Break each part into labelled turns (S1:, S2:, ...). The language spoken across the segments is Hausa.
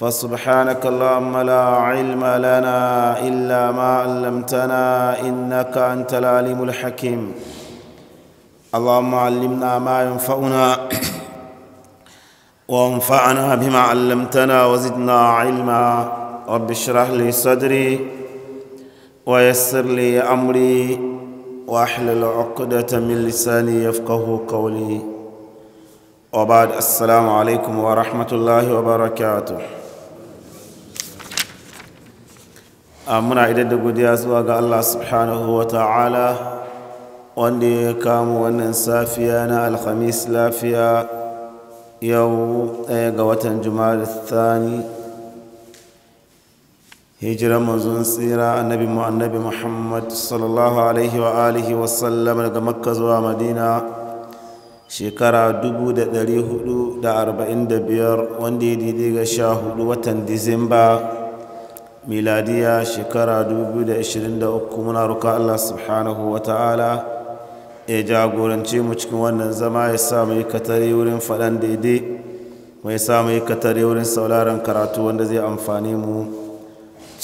S1: فسبحانك اللهم لا علم لنا الا ما علمتنا انك انت العليم الحكيم اللهم علمنا ما ينفعنا وانفعنا بما علمتنا وزدنا علما رب اشرح لي صدري ويسر لي امري واحلل عقده من لساني يفقه قولي وبعد السلام عليكم ورحمه الله وبركاته Ah, muna idan da godiya zuwa ga Allah subhanahu wa ta'ala wanda ya kama wannan safiya na alhamis lafiya yau ɗaya ga watan juma'ar thani hijiran manzon tsira annabi mu annabi muhammad sallallahu alaihi wa alihi wa sallam daga makka zuwa madina shekara 1445 wanda ya didi ga hudu watan disamba miladiya shekara 2023 muna roƙa Allah subhanahu wa ta'ala ya jagorance mu cikin wannan zama ya sa mu yi katare wurin faɗan daidai mu ya sa mu yi katare wurin sauraron karatu wanda zai amfani mu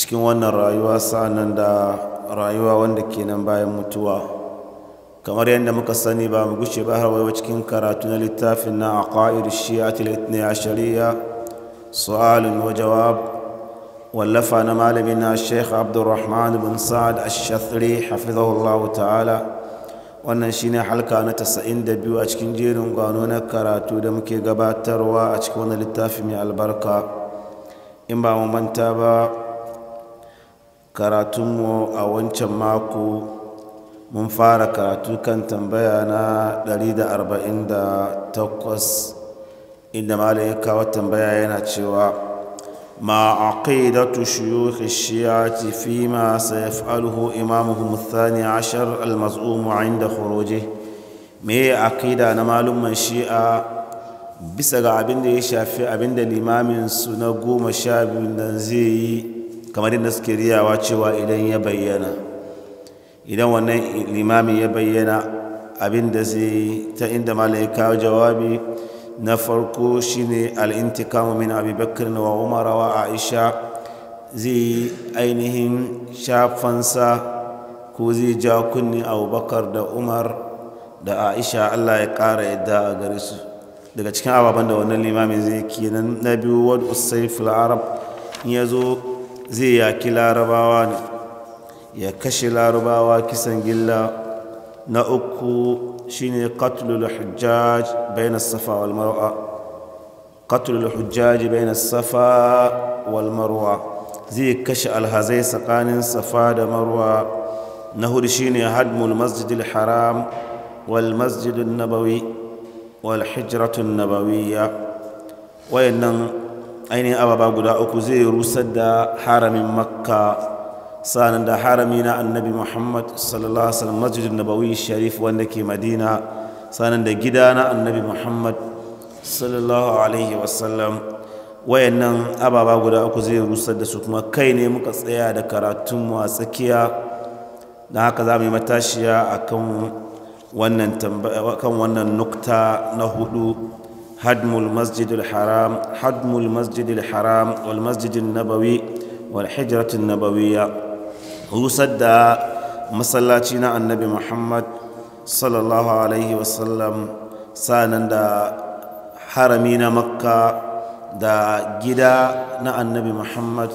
S1: cikin wannan rayuwa sa'annan da rayuwa wanda ke nan bayan mutuwa kamar yadda muka sani ba mu gushe ba har cikin karatu na littafin na a aqair shi'atul shari'a? su'alun wa jawab wallafa na malami na sheikh abdurrahman bin sa'ad ash-shathri hafizahullahu ta'ala wannan shine halka na 92 a cikin jerin gwano na karatu da muke gabatarwa a cikin wani littafi mai albarka in ba mu manta ba karatunmu a wancan mako mun fara karatu kan tambaya na 148 inda malami ya kawo tambaya yana cewa ما عقيدة شيوخ الشيعة فيما سيفعله إمامهم الثاني عشر المزعوم عند خروجه me aqida na malumman shi'a bisa ga abin da ya shafi abin da limamin su na goma sha biyu zai yi kamar yadda suke riyawa cewa idan ya bayyana idan wannan limamin ya bayyana abin da zai yi ta inda malai kawo jawabi na farko shine al'intikamu min abubakar wa umar wa aisha zai ainihin shafansa ko zai ja kunni abubakar da umar da aisha allah ya ƙara yadda a gare su daga cikin ababen da wannan limamin zai kenan na biyu wadda usai fil'arab ya zo zai yaki larabawa ne ya kashe larabawa kisan gilla na uku shine qatlul hujjaj bayna safa wal marwa qatlul hujjaj bayna safa wal marwa zai kashe alhazai tsakanin safa da marwa na hudu shine hadmul masjidil haram wal masjidin nabawi wal hijratun nabawiyya wayannan ainihin ababa guda uku zai rusar da haramin makka sanan da harami na annabi muhammad sallallahu alaihi wasallam masjidin nabawi sharif wanda ke madina sanan da gida na annabi muhammad sallallahu alaihi wasallam wayannan ababa guda uku zai rusar da su kuma kai ne muka tsaya da karatunmu a tsakiya don haka za mu yi matashiya a kan wannan nukta na hudu hadmul masjidil haram hadmul masjidil haram wal masjidin nabawi wal hijratun nabawiyya rusar da masallaci na annabi muhammad sallallahu alaihi wasallam da harami na makka da gida na annabi muhammad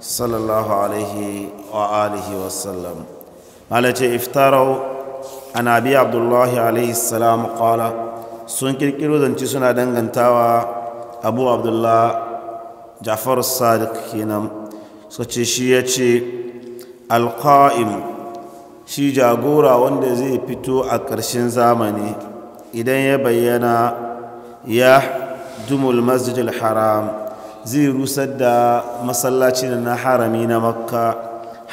S1: sallallahu alaihi wa alihi wasallam malace iftarau an abi abdullahi alaihi salam qala sun kirkiro zance suna dangantawa abu abdullah ja'far sadiq kenan suka ce shi ya ce alƙa'im shi jagora wanda zai fito a ƙarshen zamani idan ya bayyana ya dumul masjidil haram zai rusar da masallacin na harami na makka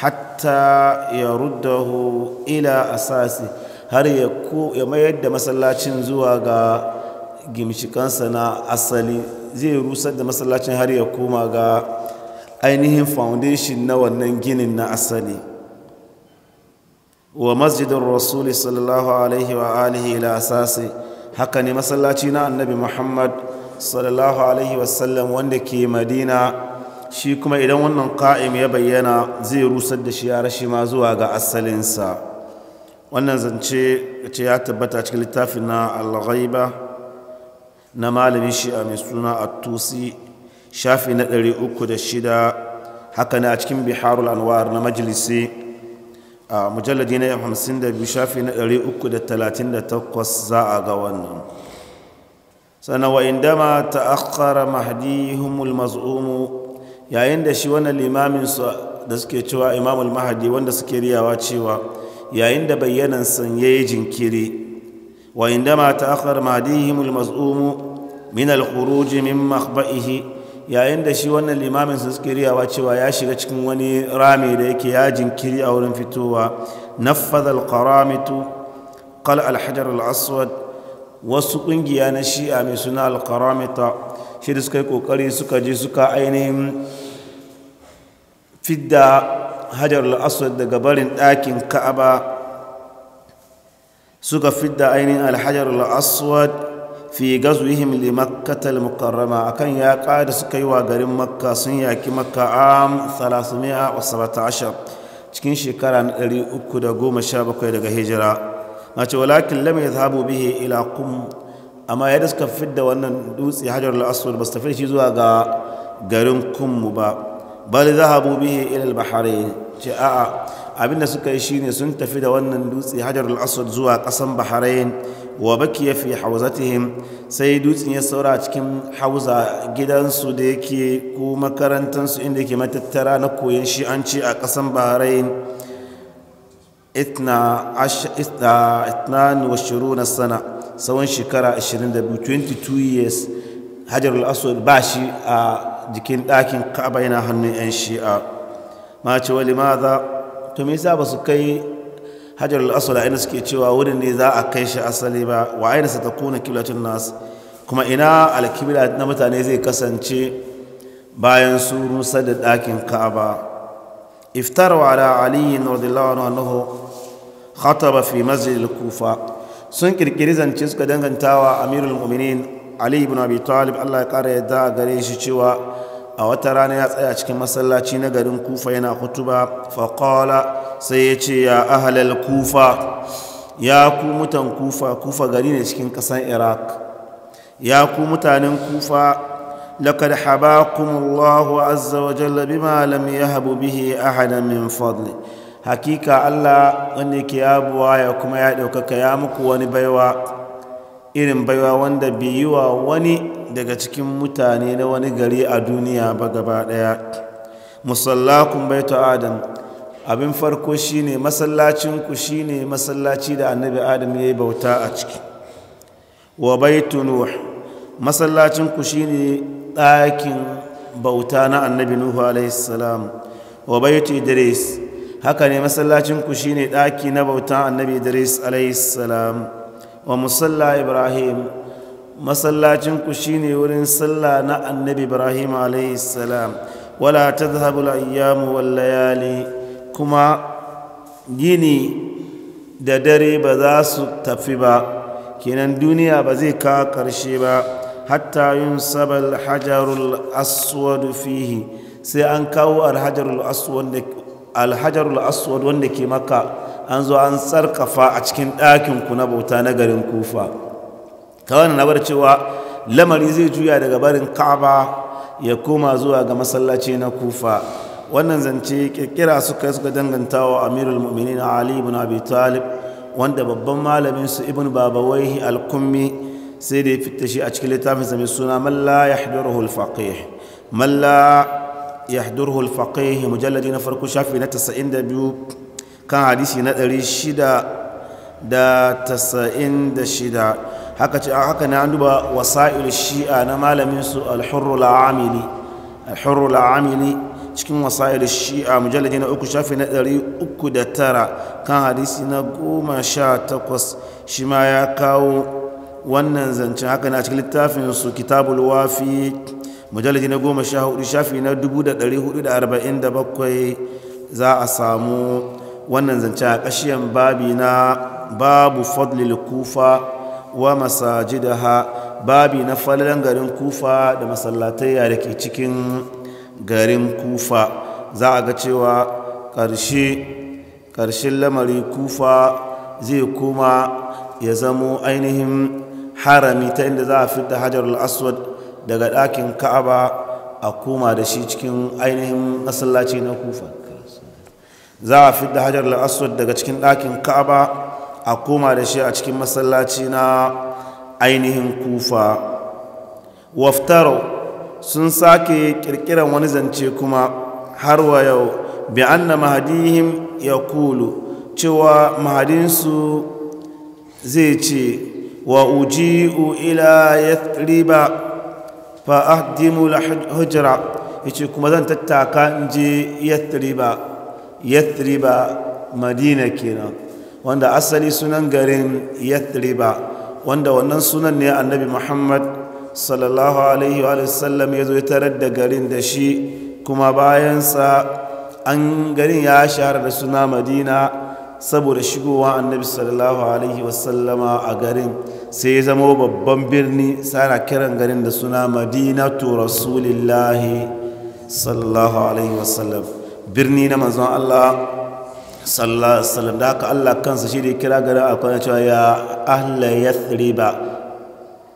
S1: hatta ya ruddahu ila asasi har ya mayar da masallacin zuwa ga gimshikansa na asali zai rusar da masallacin har ya koma ga ainihin foundation na wannan ginin na asali wa masjidin rasuli sallallahu alaihi wa alihi ila asasi haka ne masallaci na annabi muhammad sallallahu alaihi wasallam wanda ke madina shi kuma idan wannan ka'im ya bayyana zai rusar da shi ya rashi ma zuwa ga asalinsa wannan zance ce ya tabbata cikin littafin na al na malamin shi a mai suna a tusi shafi na 306 haka na a cikin biharul anwar na majalisi a mujalladi na 52 shafi na 338 za a ga wannan sannan wa indama ta'akhkhara mahdihumul maz'umu yayin da shi wannan limamin su da suke cewa imamul mahdi wanda suke riyawa cewa yayin da bayyanan san yayi jinkiri wa indama ta'akhkhara mahdihumul maz'umu min al-khuruj min makhba'ihi yayin da shi wannan limamin su suke riyawa cewa ya shiga cikin wani rami da yake yajin kiri a wurin fitowa naffadha al-qaramitu qala al-hajar al-aswad wasu kungiya na shi'a mai suna al-qaramita shi da suka yi kokari suka je suka ainihin fidda hajar al-aswad daga barin ɗakin ka'aba suka fidda ainihin al-hajar al-aswad fi gazuhim li makkata al-mukarrama akan ya da suka yi wa garin makka sun yaki makka am 317 cikin shekara na 317 daga hijira na ce walakin lam yadhhabu bihi ila kum amma da suka fidda wannan dutse hajar al-aswad basu tafi shi zuwa ga garin kum ba bal zahabu bihi ila al bahri ce a'a abinda suka yi shine sun tafi da wannan dutse hajarul aswad zuwa kasan bahrain wa bakiya fi hawzatihim sai dutsen ya saura cikin hauza gidansu da yake ko makarantansu inda ke matattara na koyon shi'anci a kasan bahrain itnan wa na sana tsawon shekara 22 22 years hajar aswad ba shi a jikin ɗakin ka'aba yana hannun 'yan shi'a ma ce wa limaza to me yasa ba su kai hajar al-aswad inda suke cewa wurin ne za a kai shi asali ba wa aina sa kuna qiblatun nas kuma ina al na mutane zai kasance bayan su rusa da ɗakin Ka'aba iftaru ala ali radiyallahu anhu khataba fi masjid al-kufa sun kirkiri zance suka dangantawa amirul mu'minin ali ibn abi talib Allah ya kara yadda gare shi cewa a wata rana ya tsaya cikin masallaci na garin kufa yana hutuba faƙala sai ya ce ya ahalal kufa ya ku mutan kufa kufa gari ne cikin ƙasar iraq ya ku mutanen kufa لقد حباكم الله عز وجل بما لم يهب به أحدا min fadli hakika Allah wanda ke yabuwa ya kuma ya ɗaukaka ya muku wani baiwa irin baiwa wanda bai yi wa wani daga cikin mutane na wani gari a duniya ba gaba ɗaya musallakun baito adam abin farko shine masallacinku shine masallaci da annabi adam ya yi bauta a ciki wa baitu nuh masallacinku shine ɗakin bauta na annabi nuhu alaihi salam wa baitu idris haka ne masallacinku shine ɗaki na bauta annabi idris alaihi salam wa musalla ibrahim masallacinku shine wurin sallah na annabi ibrahim alaihi salam wala tadhhabu al-ayyamu wal layali kuma gini da dare ba za su tafi ba kenan duniya ba zai kawo ƙarshe ba hatta yin sabal hajarul aswad fihi sai an kawo alhajarul aswad wanda ke maka an zo an tsarkafa a cikin ɗakinku na bauta na garin kufa kawai na bar cewa lamari zai juya daga barin ka'aba ya koma zuwa ga masallaci na kufa wannan zance kirkira suka suka danganta wa amirul mu'minin ali ibn abi talib wanda babban malamin su ibn babawaihi al-kummi sai da ya fita shi a cikin littafin mai suna man la yahduruhu al-faqih man la yahduruhu mujalladi na farko shafi na 92 kan hadisi na shida da shida. haka ce haka na an duba wasa'il shi'a na malamin su alhurru la'amili cikin wasa'il shi'a mujalladi na uku shafi na ɗari uku da tara kan hadisi na goma sha takwas shi ma ya kawo wannan zancen haka na cikin littafin su kitabul wafi mujalladi na goma sha hudu shafi na dubu da ɗari hudu da arba'in da bakwai za a samu wannan zancen a ƙashiyan babi na babu fadlil kufa wa masajidaha babi na falalan garin kufa da masallatayya da ke cikin garin kufa za a ga cewa ƙarshen lamari kufa zai kuma ya zamo ainihin harami ta inda za a fita hajarul aswad daga ɗakin ka'aba a koma da shi cikin ainihin masallaci na kufa za a fita hajarul aswad daga cikin ɗakin ka'aba a koma da shi a cikin masallaci na ainihin kufa waftaro sun sake kirkiran wani zance kuma har wa yau bi na mahadihim ya kulu cewa mahadinsu zai ce wa uji ila riba fa hujjara ya yace kuma zan tattaka in je ya riba madina kenan wanda asali sunan garin yathriba wanda wannan sunan ne annabi muhammad sallallahu alaihi wa sallam ya zo ya tarar da garin da shi kuma bayansa an garin ya shahara da suna madina saboda shigowa annabi sallallahu alaihi wa sallama a garin sai ya zama babban birni sana kiran garin da suna madinatu rasulillahi sallallahu alaihi wa sallam birni na manzon allah sallallahu alaihi wasallam da haka Allah kansa shi da kira garin akwai cewa ya ahla yathriba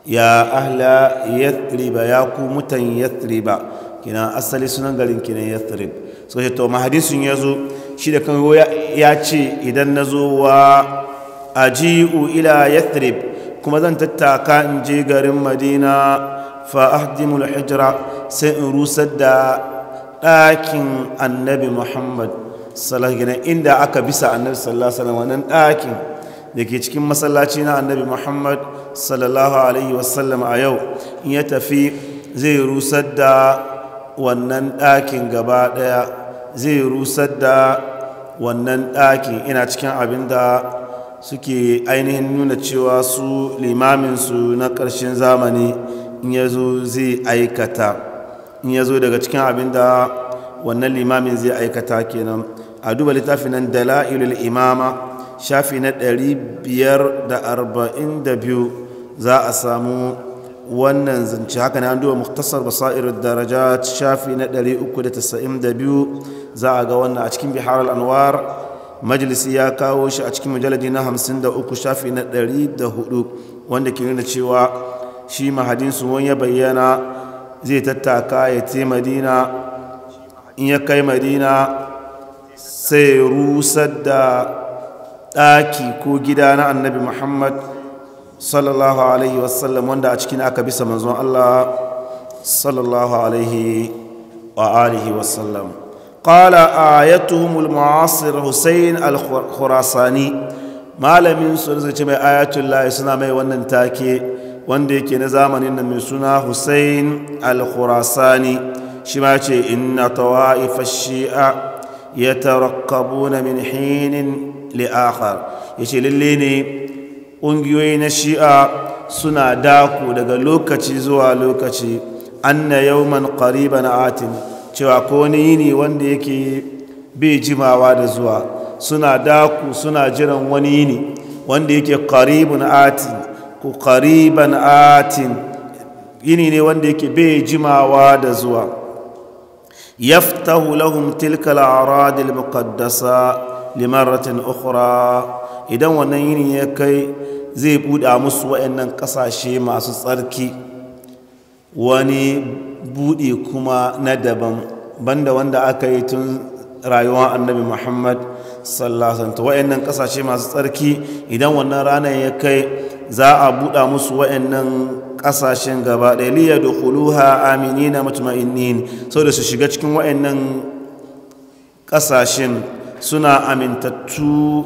S1: ya ahla yathriba ya ku mutan yathriba kina asali sunan garin kina yathrib suka ce to mahadisin yazo shi da kan ya ce idan nazo wa aji'u ila yathrib kuma zan tattaka in je garin Madina fa ahdimul hijra sai in rusar da ɗakin annabi Muhammad salah gina inda aka bisa annabi sallallahu alaihi wasallam wannan ɗakin da ke cikin masallaci na annabi muhammad sallallahu alaihi wasallam a yau in ya tafi zai rusar da wannan ɗakin gaba ɗaya zai rusar da wannan ɗakin ina cikin abin da suke ainihin nuna cewa su limaminsu na ƙarshen zamani in ya zo zai aikata in ya zo daga cikin abin da wannan limamin zai aikata kenan a duba littafin nan dala'ilul imama shafi na 542 za a samu wannan zance haka ne an duba muktasar basairar daraja shafi na 392 za a ga wannan a cikin bihar al'anwar majalisi ya kawo shi a cikin majaladi na 53 shafi na 104 wanda ke nuna cewa shi mahadinsu wani ya bayyana zai tattaka ya te madina in ya kai madina sai rusar da ɗaki ko gida na annabi muhammad sallallahu alaihi wasallam wanda a cikin aka bisa manzon allah sallallahu alaihi wa alihi wasallam قال آيتهم malamin su da mai ayatul suna mai wannan take wanda yake na zamanin nan mai suna Hussein al-Khurasani shi ma ce inna tawa'ifash shi'a Ya ta yatarakkabuna min hinin li Ya ce lalle ne ƙungiyoyi na shi'a suna daku daga lokaci zuwa lokaci An anna yawman qariban atin cewa ko wani yini wanda yake bai jimawa da zuwa suna daku suna jiran wani yini wanda yake qaribun atin ko qariban atin yini ne wanda yake bai jimawa da zuwa يفتح لهم تلك الأعراض المقدسة لمرة أخرى إذا ونين يكي zai buɗa musu waɗannan ƙasashe masu tsarki wani buɗe kuma na daban banda wanda aka yi tun rayuwar annabi muhammad sallasanta waɗannan ƙasashe masu tsarki idan wannan ranar ya kai za a buɗa musu waɗannan kasashen gaba ɗaya liya da kuluha amini na mutuma'inin sau da su shiga cikin wa'annan kasashen suna amintattu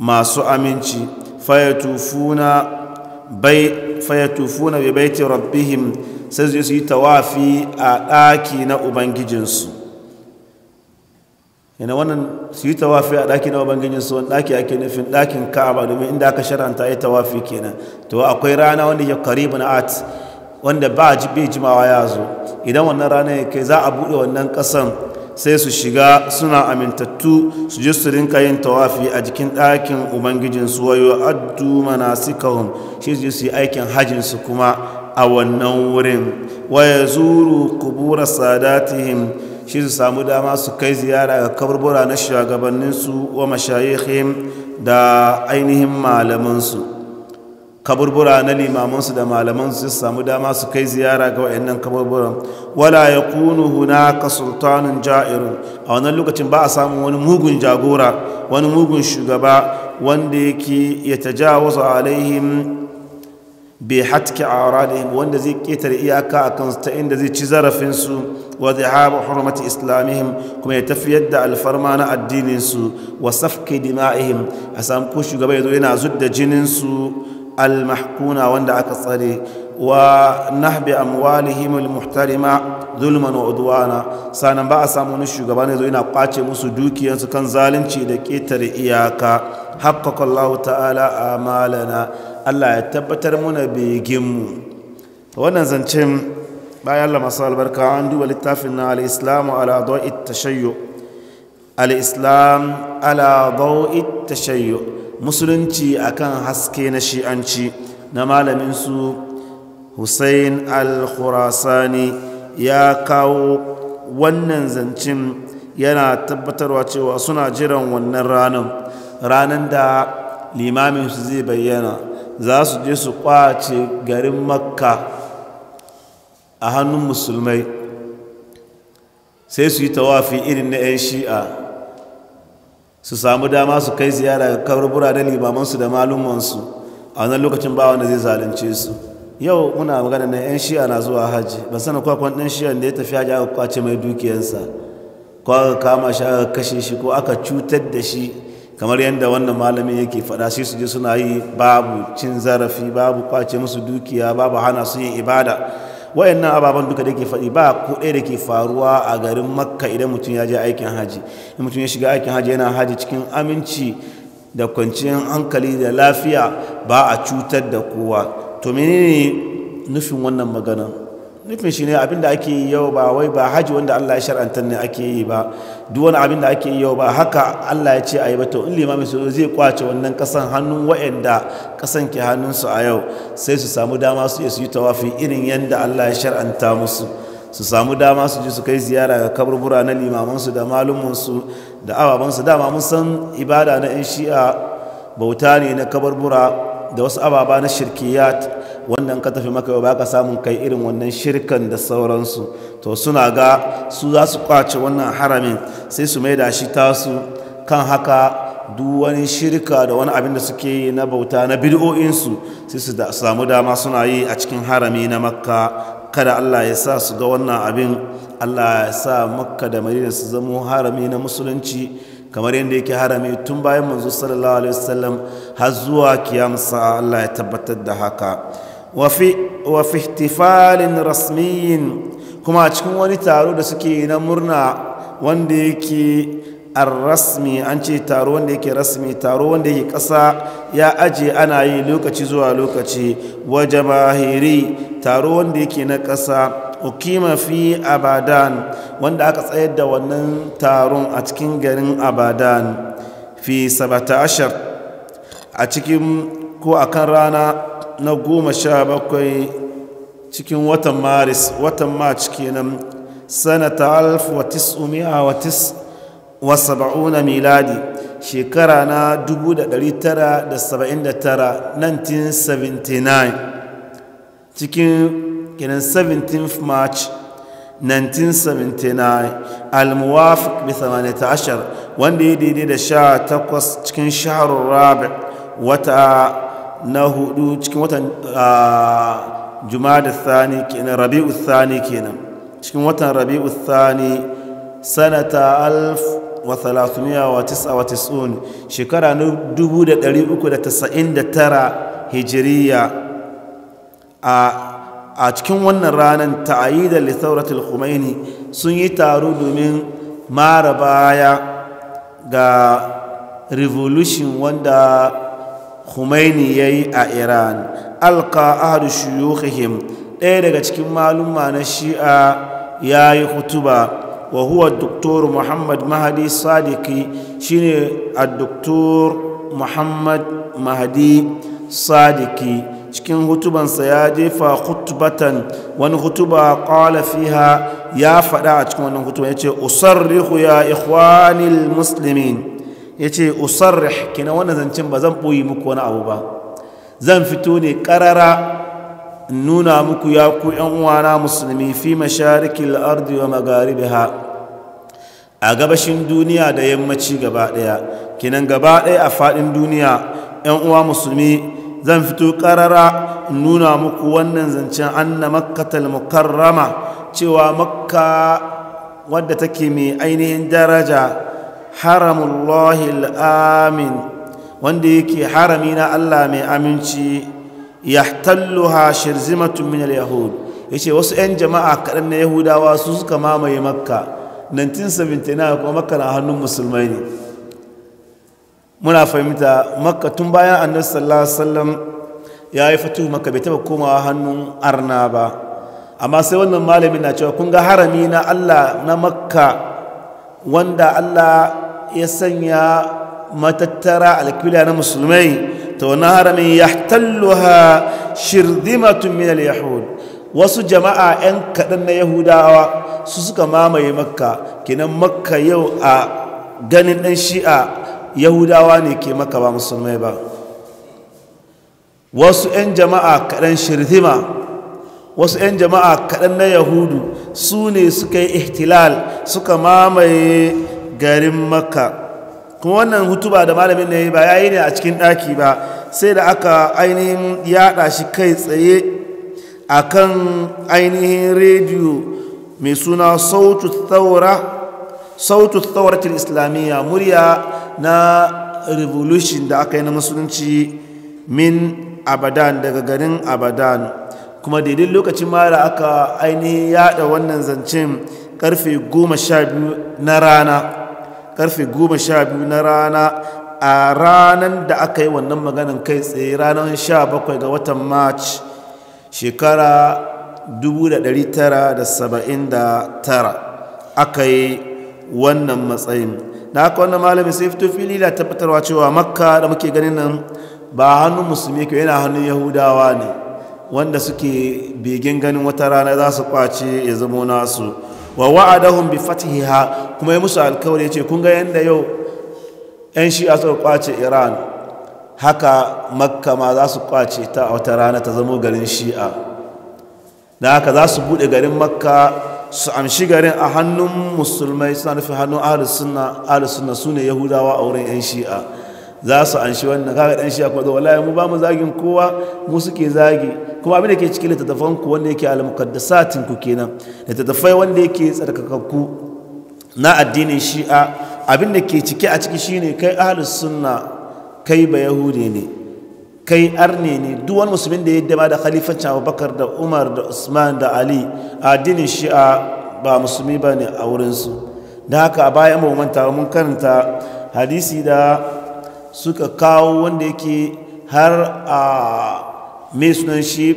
S1: masu aminci fayatufuna bai baiti rabbihim sai su yi tawafi a ɗaki na ubangijinsu yana wannan su yi tawafi a ɗaki na ubangijin su wani ɗaki ake nufin ɗakin ka'aba domin inda aka sharanta ya tawafi kenan to akwai rana wanda ya karibu na art wanda ba a jibe jimawa ya zo idan wannan rana ya kai za a buɗe wannan ƙasan sai su shiga suna amintattu su je su rinka yin tawafi a jikin ɗakin ubangijin su wayo addu kawun shi su su yi aikin hajin su kuma a wannan wurin waya zuru kubura sadatihim shi su samu dama su kai ziyara ga kaburbura na shugabanninsu wa mashayikhim da ainihin malamansu kaburbura na limamansu da malamansu su samu dama su kai ziyara ga wayannan kaburburan wala ya kunu hunaka sultanin ja'irun a wannan lokacin ba a samun wani mugun jagora wani mugun shugaba wanda yake ya tajawaza alaihim bi hatki aradihim wanda zai ƙetare iyaka a kansu ta inda zai ci zarafinsu wa zihaba hurmati islamihim kuma ya tafiyar da alfarma na addininsu wa safki dima'ihim a samu ko shugaba ya zo yana zudda jininsu almahkuna wanda aka tsare wa nahbi amwalihim almuhtarima zulman wa udwana sanan ba a samu wani shugaba ne zo yana kwace musu dukiyarsu kan zalunci da ƙetare iyaka haqqaqa Allah ta'ala amalana Allah ya tabbatar muna beginmu wannan zancen bayan lamasa albarka an duba littafin na al'islamu ala da'i tashayyo al'islam ala da'i tashayyo musulunci akan haske na shi'anci na malaminsu hussein al-khurasani ya kawo wannan zancen yana tabbatarwa cewa suna jiran wannan ranar ranar da limaminsu zai bayyana za su je su kwace garin makka a hannun musulmai sai su yi tawafi irin na 'yan shi'a su samu dama su kai ziyara ga kawar da limamansu da malumansu a wannan lokacin ba wanda zai zalunce su yau muna magana na 'yan shi'a na zuwa hajji ban sana kwakwan ɗan shi'a da ya tafi hajji aka kwace mai dukiyansa ko aka kama shi aka kashe shi ko aka cutar da shi kamar yadda wannan malami yake faɗa shi su je suna yi babu cin zarafi babu kwace musu dukiya babu hana su yin ibada wayannan ababen duka da ke faɗi ba ko ɗaya da ke faruwa a garin makka idan mutum ya je aikin haji in mutum ya shiga aikin haji yana haji cikin aminci da kwanciyar hankali da lafiya ba a cutar da kowa to menene nufin wannan magana nufin shi ne abinda ake yi yau ba wai ba haji wanda Allah ya shar'anta ne ake yi ba duk wani abin da ake yi yau ba haka Allah ya ce a yi ba to in limamin su zai kwace wannan kasan hannun wa'anda kasan ke hannunsu a yau sai su samu dama su su yi tawafi irin yadda Allah ya shar'anta musu su samu dama su ji su kai ziyara ga kaburbura na limamansu da malumansu da ababansu dama mun san ibada na 'yan shi'a bauta ne na kaburbura da wasu ababa na shirkiyat wannan ka tafi maka ba ka samun kai irin wannan shirkan da sauransu to suna ga su za su kwace wannan haramin sai su mai da shi tasu kan haka duk wani shirka da wani abin da suke yi na bauta na bid'o'insu sai su samu dama suna yi a cikin harami na makka kada allah ya sa su ga wannan abin allah ya sa makka da madina su zamo harami na musulunci kamar yadda yake harami tun bayan manzo sallallahu alaihi wasallam har zuwa kiyamsa allah ya tabbatar da haka wafi ihtifalin rasmiyin kuma a cikin wani taro da suke na murna wanda yake rasmi an ce taro wanda yake rasmi taro wanda yake ƙasa ya aje ana yi lokaci zuwa lokaci wa jamahiri taro wanda yake na ƙasa ukima fi abadan wanda aka tsayar da wannan taron a cikin garin abadan fi 17 a cikin ko kan rana na goma sha bakwai cikin watan maris watan march kenan sanata alf wa tis'umi'a wa wa saba'una miladi shekara na 1979 1979 cikin kenan 17th march 1979 al-muwafiq bi 18 wanda ya daidai da 18 cikin shahararrabi wata na hudu cikin watan jumada thani kenan rabi'u thani kenan cikin watan rabi'u thani sanata alf wa thalathumiya wa tis'a wa tis'un shekara na dubu da dari uku da tasa'in da tara hijiriya a cikin wannan ranar ta'ayyidar lithauratul khumaini sun yi taro domin mara baya ga revolution wanda Khomeini ya yi a Iran alka ahadu shuyukhihim ɗaya daga cikin malumma na shi'a ya yi hutuba wa huwa doktor Muhammad Mahadi Sadiki shine a doktor Muhammad Mahadi Sadiki cikin hutubansa ya jefa hutubatan wani hutuba qala fiha ya faɗa a cikin wannan hutuba yace usarrihu ya ikhwanil musulmin. ya ce usarrih kina wannan zancen ba zan ɓoye muku wani abu ba zan fito ne ƙarara nuna muku ya ku uwana musulmi fi masharikin ardi wa magaribiha a gabashin duniya da yammaci gaba ɗaya kinan gaba ɗaya a faɗin duniya yan uwa musulmi zan fito ƙarara nuna muku wannan zancen anna makkatal mukarrama cewa makka wadda take mai ainihin daraja haramullahi al'amin wanda yake harami na Allah mai aminci ya talluha shirzimatun min al-yahud ya ce wasu 'yan jama'a kaɗan na yahudawa su suka mamaye makka 1979 kuma makka na hannun musulmai ne muna fahimta makka tun bayan annabi sallallahu alaihi ya yi fatu makka bai taba komawa hannun arna ba amma sai wannan malamin na cewa kun ga harami na Allah na makka wanda Allah ya sanya matattara alkibla na musulmai ta wani haramin ya talluha shirdimatun minal yahud wasu jama'a 'yan kaɗan na yahudawa su suka mamaye makka kinan makka yau a ganin ɗan shi'a yahudawa ne ke maka ba musulmai ba wasu 'yan jama'a kaɗan shirdima wasu 'yan jama'a kaɗan na yahudu su ne suka yi ihtilal suka mamaye garin makka kuma wannan hutuba da malamin ne ba ya yi ne a cikin ɗaki ba sai da aka ainihin yaɗa shi kai tsaye a kan ainihin rediyo mai suna sautu tsauratul islamiyya murya na revolution da aka yi na musulunci min abadan daga garin abadan kuma daidai lokacin ma da aka ainihin yaɗa wannan zancen karfe 12 na rana karfe goma sha biyu na rana a ranar da aka yi wannan maganin kai tsaye ranar sha bakwai ga watan march shekara 1979 aka yi wannan matsayin da haka wannan malami sai fito fili da tabbatarwa cewa makka da muke ganin nan ba hannun musulmi ke yana hannun yahudawa ne wanda suke begin ganin wata rana za su kwace ya zamo nasu wa wa'adahum bi fatihiha kuma yi musu alkawari ce kun ga yanda yau yan shi'a suka kwace Iran haka Makka ma za su kwace ta a wata rana ta zamo garin shi'a da haka za su bude garin Makka su amshi garin a hannun musulmai suna nufin hannun ahlus sunna su ne yahudawa a wurin yan shi'a za su an shi wannan kaga dan a kuma zo wallahi mu ba mu zagin kowa mu suke zagi kuma abin da ke cikin littattafan ku wanda yake al-muqaddasatin ku kenan littattafai wanda yake tsarkakakku na addinin shi'a abin da ke cike a ciki shine kai ahlus sunna kai ba yahudi ne kai arne ne duk wani musulmin da ya dama da khalifancin Bakar da umar da usman da ali addinin shi'a ba musulmi ba ne a wurinsu da haka a baya mu manta mun karanta hadisi da suka kawo wanda yake har a mai sunan shi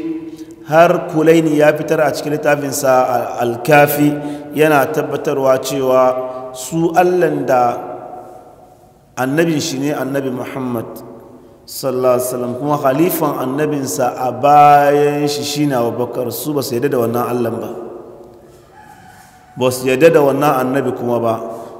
S1: har kulaini ya fitar a cikin littafinsa alkafi yana tabbatarwa cewa su allan da annabin shi ne annabi muhammad sallallahu kuma khalifan annabinsa a bayan shi shi na abubakar su ba su yadda da wannan allan ba ba su yadda da wannan annabi kuma ba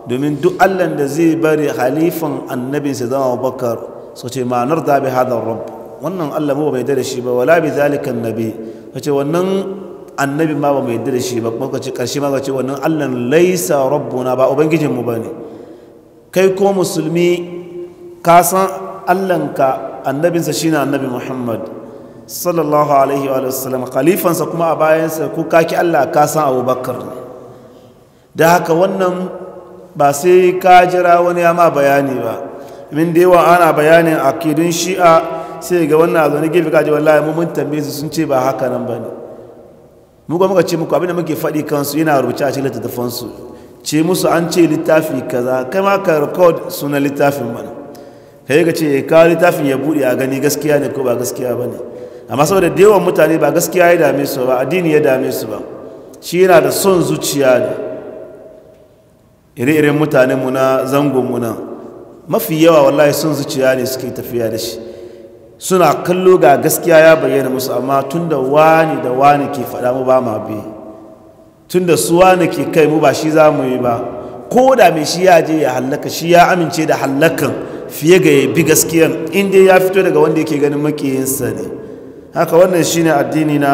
S1: domin duk allan da zai bari halifan annabinsa zama abubakar su ce ma'anar da bi hadar rabb wannan allah ma ba mai da shi ba wala bi zalika annabi su ce wannan annabi ma ba mai da shi ba kuma ce karshe ma ce wannan allan laisa rabbuna ba ubangijin mu bane kai ko musulmi ka san allanka annabinsa shine annabi muhammad sallallahu alaihi wa sallam khalifansa kuma a bayansa ko kaki allah ka san abubakar da haka wannan ba sai ka jira wani ya ma bayani ba min da yawa ana bayanin akidun shi'a sai ga wannan a zaune gefe kaji wallahi mu mun tambaye su sun ce ba haka nan ba ne mu kuma muka ce muku abinda muke faɗi kansu yana rubuce a cikin littattafansu. ce musu an ce littafi kaza kai ma ka record sunan littafin mana kai ka ce eh, ka littafin ya buɗe a gani gaskiya ne ko ba gaskiya ba ne amma saboda da yawan mutane ba gaskiya ya dame su ba addini ya dame su ba shi yana da son zuciya ne iri iren mutanenmu muna zangonmu nan mafi yawa wallahi sun zuciya ne suke tafiya da shi suna kallo ga gaskiya ya bayyana musu amma tun da wani da wani ke faɗa mu ba ma bi tun da su wani ke kai mu ba shi za mu yi ba ko da mai shi ya je ya hallaka shi ya amince da hallakan fiye ga ya bi gaskiyan inda ya fito daga wanda yake ganin makiyinsa ne haka wannan shine addini na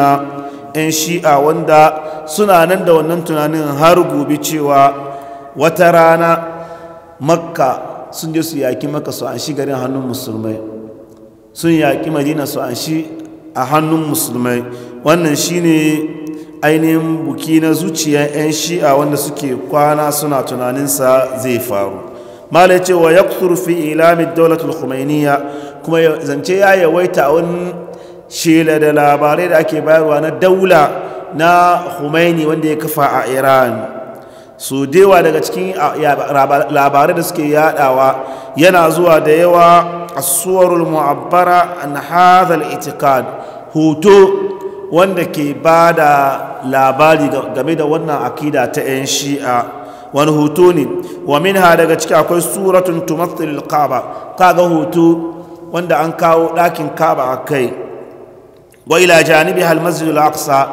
S1: 'yan shi'a wanda suna nan da wannan tunanin har gobe cewa wata rana makka sun je su yaƙi makka su an shi garin hannun musulmai sun yaƙi madina su an shi a hannun musulmai wannan shi ne ainihin buki na zuciyar 'yan shi'a wanda suke kwana suna tunaninsa zai faru malai cewa ya fi ilamin daulatul khumainiya kuma zance ya yawaita a wani shela da labarai da ake bayarwa na daula na khumaini wanda ya kafa a iran su dewa daga cikin labarai da suke yadawa yana zuwa da yawa a suwarul mu'abbara na hazal itikad hoto wanda ke ba da labari game da wannan akida ta 'yan shi'a wani hoto ne wa minha daga ciki akwai suratun tumathil kaba kaga hoto wanda an kawo ɗakin kaba a kai wa ila janibi hal masjidul aqsa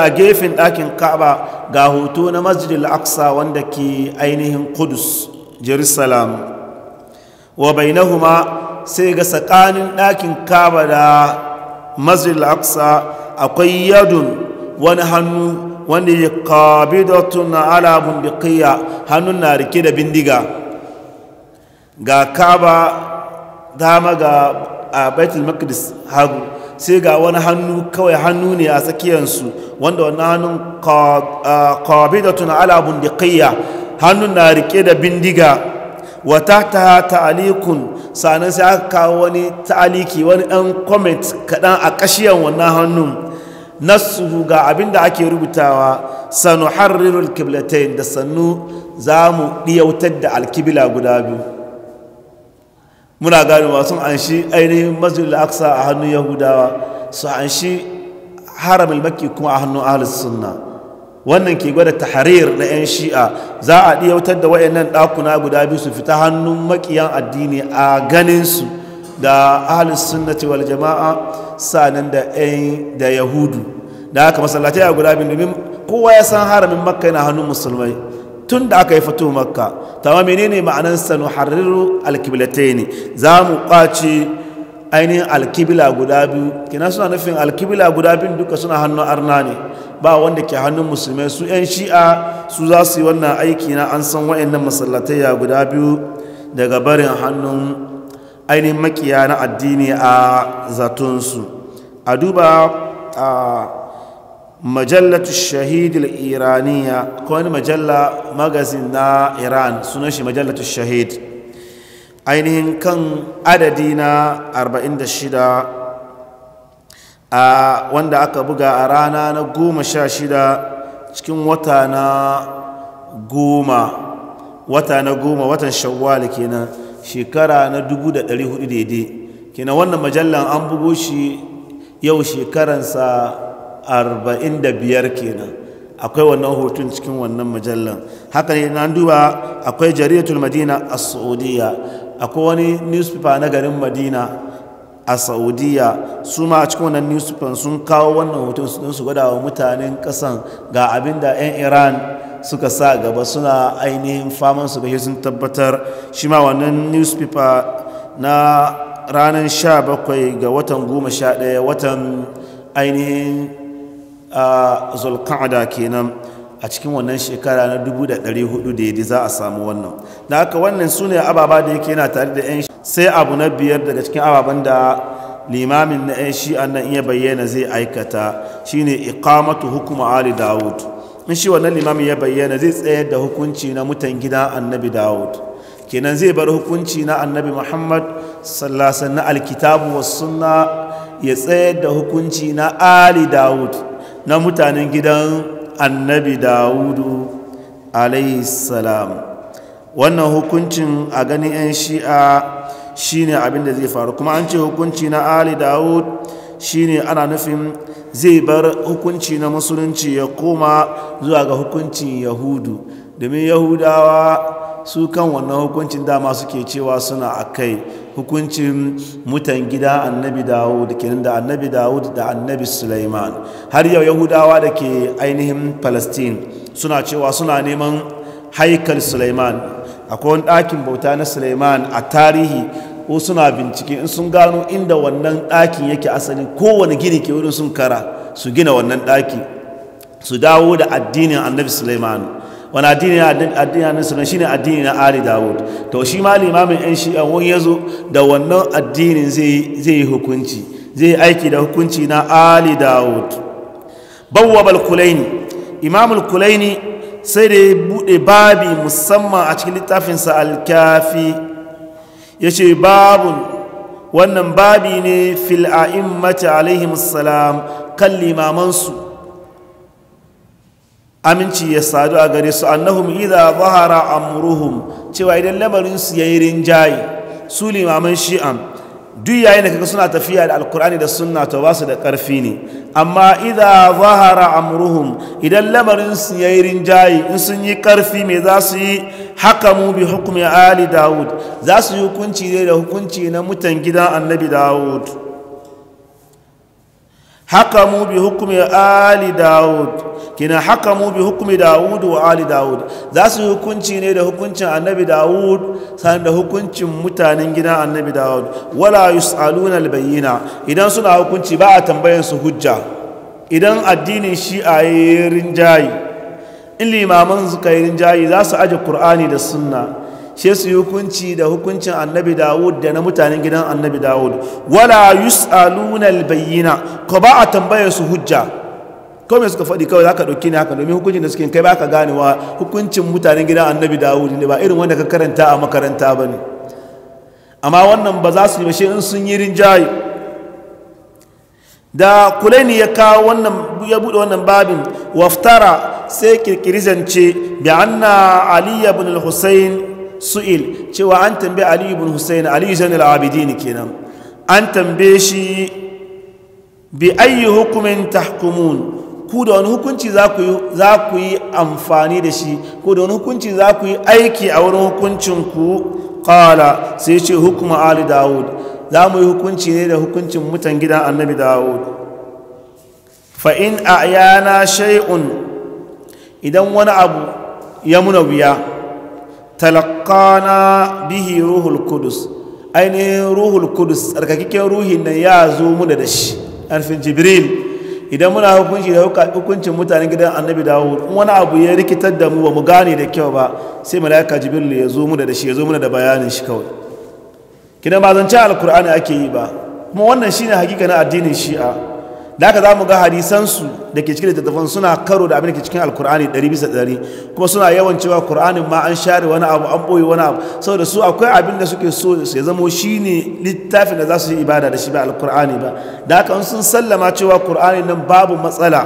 S1: a gefen ɗakin ka'aba ga hoto na masjidul aqsa wanda ke ainihin kudus jerusalem wa bainahuma sai ga tsakanin ɗakin ka'aba da masjidul aqsa akwai yadun wani hannu wanda ya kabidatun ala bundiqiya hannun na rike da bindiga ga kaba dama ga a baitul maqdis hagu sai ga wani hannu kawai hannu ne a tsakiyarsu wanda wani hannun alabun ala bundiqiyya hannun na rike da bindiga Wata ta ta'alikun sanan sai aka kawo wani ta'aliki wani ɗan comment kaɗan a ƙashiyar wannan hannun nasu ga abin da ake rubutawa sanu harrirul kiblatain da sannu za mu ɗiyautar da alkibila guda biyu muna ganewa sun anshi ainihin masjid al a hannun yahudawa su anshi haram makki kuma a hannun ahlus sunna wannan ke gwada tahrir na yan shi'a za a wutar da wayannan ɗakuna guda biyu su fita hannun makiyan addini a ganin da ahlus sunnati wal jama'a sanan da yan da yahudu da aka masallatai a guda biyu domin kowa ya san haramin makka yana hannun musulmai tun da aka yi fito makka tawa menene ma'anan sanu hariru alkiblataini za mu kwace ainihin alkibila guda biyu kina suna nufin alkibila guda biyu duka suna hannun arna ne ba wanda ke hannun musulmai su 'yan shi'a su za su yi wannan aiki na an san wa'annan masallatayya guda biyu daga barin hannun ainihin makiya na addini a zatonsu a duba majallatu shahid al-iraniya ko wani majalla magazin na iran sunan shi majallatu shahid ainihin kan adadi na 46 a wanda aka buga a rana na goma sha shida cikin wata na goma wata na goma watan shawwal kenan shekara na 1400 daidai kenan wannan majallan an bugo shi yau shekaransa 45 kenan akwai wannan hoton cikin wannan mujallar haka ne na duba akwai jaridatul madina a saudiya akwai wani newspaper na garin madina a saudiya su ma a cikin wannan newspaper sun kawo wannan hoton su su gwada wa mutanen kasan ga abin da 'yan iran suka sa gaba suna ainihin faman su gashi sun tabbatar shi ma wannan newspaper na ranar 17 ga watan 11 watan ainihin a zulkada kenan a cikin wannan shekara na 1400 da za a samu wannan da haka wannan su ne ababa da yake yana tare da yan sai abu na biyar daga cikin ababen da limamin na yan shi'an nan iya bayyana zai aikata shine iqamatu hukuma ali dawud in shi wannan limamin ya bayyana zai tsayar da hukunci na mutan gida annabi dawud kenan zai bar hukunci na annabi muhammad sallasan na alkitabu was sunna ya tsayar da hukunci na ali dawud na mutanen gidan annabi dawudu salam wannan hukuncin a ganin 'yan shi'a shine abin da zai faru kuma an ce hukunci na ali dawud shi ne ana nufin zai bar hukunci na musulunci ya koma zuwa ga hukuncin yahudu domin yahudawa su kan wannan hukuncin dama suke cewa suna a kai hukuncin mutan gida annabi dawud kenan da annabi dawud da annabi sulaiman har yau yahudawa da ke ainihin palestine suna cewa suna neman haikal sulaiman akwai wani ɗakin bauta na sulaiman a tarihi ko suna bincike in sun gano inda wannan ɗakin yake asali kowane gini ke wurin sun kara su gina wannan ɗaki su dawo da addinin annabi sulaiman wani addini addini na sunan ne addini na ali dawud to shi ma limamin yan shi'a wani yazo da wannan addinin zai yi hukunci zai aiki da hukunci na ali dawud bawwab al-kulaini imam kulaini sai da ya bude babi musamman a cikin littafinsa al ya ce babun wannan babi ne fil a'immati alaihimus salam kan limamansu aminci ya sadu a gare su annahum idha zahara amruhum cewa idan lamarin su yayi rinjaye su limaman shi'an duk yayin da kaga suna tafiya da alkur'ani da sunna to ba su da karfi ne amma idha zahara amruhum idan lamarin su yayi rinjaye in sun yi karfi me za su yi mu bi hukmi ali daud za su yi hukunci ne da hukunci na mutan gidan annabi daud hakamu bi hukumi ali daud kina hakamu bi hukumi daud wa ali daud za su hukunci ne da hukuncin annabi daud san da hukuncin mutanen gidan annabi daud wala Alunar albayina idan suna hukunci ba a tambayan su hujja idan addinin shi'a yi rinjayi in limaman suka yi rinjayi za su aje Kur'ani da sunna Sai su yi hukunci da hukuncin annabi dawud da na mutanen gidan annabi dawud wala yus'aluna albayyina ko ba a tambaye su hujja ko me suka faɗi kawai za ka ɗauki ne haka domin hukuncin da suke kai ba ka ganewa hukuncin mutanen gidan annabi dawud ne ba irin wanda ka karanta a makaranta ba ne amma wannan ba za su yi ba shi in sun yi rinjaye da kulaini ya kawo wannan ya buɗe wannan babin waftara sai kirkiri zance bi anna ali al-husayn su'il cewa an tambaye ali ibn husayn ali ibn al-abidin kenan an tambaye shi bi ayyi hukumin tahkumun ku da wani hukunci za ku yi amfani da shi ko da wani hukunci za ku yi aiki a wurin hukuncin ku qala sai ce hukuma ali dawud za mu yi hukunci ne da hukuncin mutan gidan annabi dawud fa in a'yana shay'un idan wani abu ya muna wuya talakana bihi ruhul kudus ainihin ruhul kudus tsarkakikin ruhin nan ya zo da shi arfin jibril idan muna hukunci da hukuncin mutanen gidan annabi dawud wani abu ya rikitar da mu ba mu gane da kyau ba sai malaka jibril ya zo da shi ya zo muna da bayanin shi kawai kidan ba zance alkur'ani ake yi ba kuma wannan shine hakika na addinin shi'a da aka za mu ga hadisansu da ke cikin littattafan suna karo da abin da ke cikin alkur'ani ɗari bisa kuma suna yawan cewa kur'anin ma an share wani abu an boye wani abu saboda su akwai abin da suke so ya zamo shi ne littafin da za su yi ibada da shi ba alkur'ani ba da aka sun sallama cewa kur'ani nan babu matsala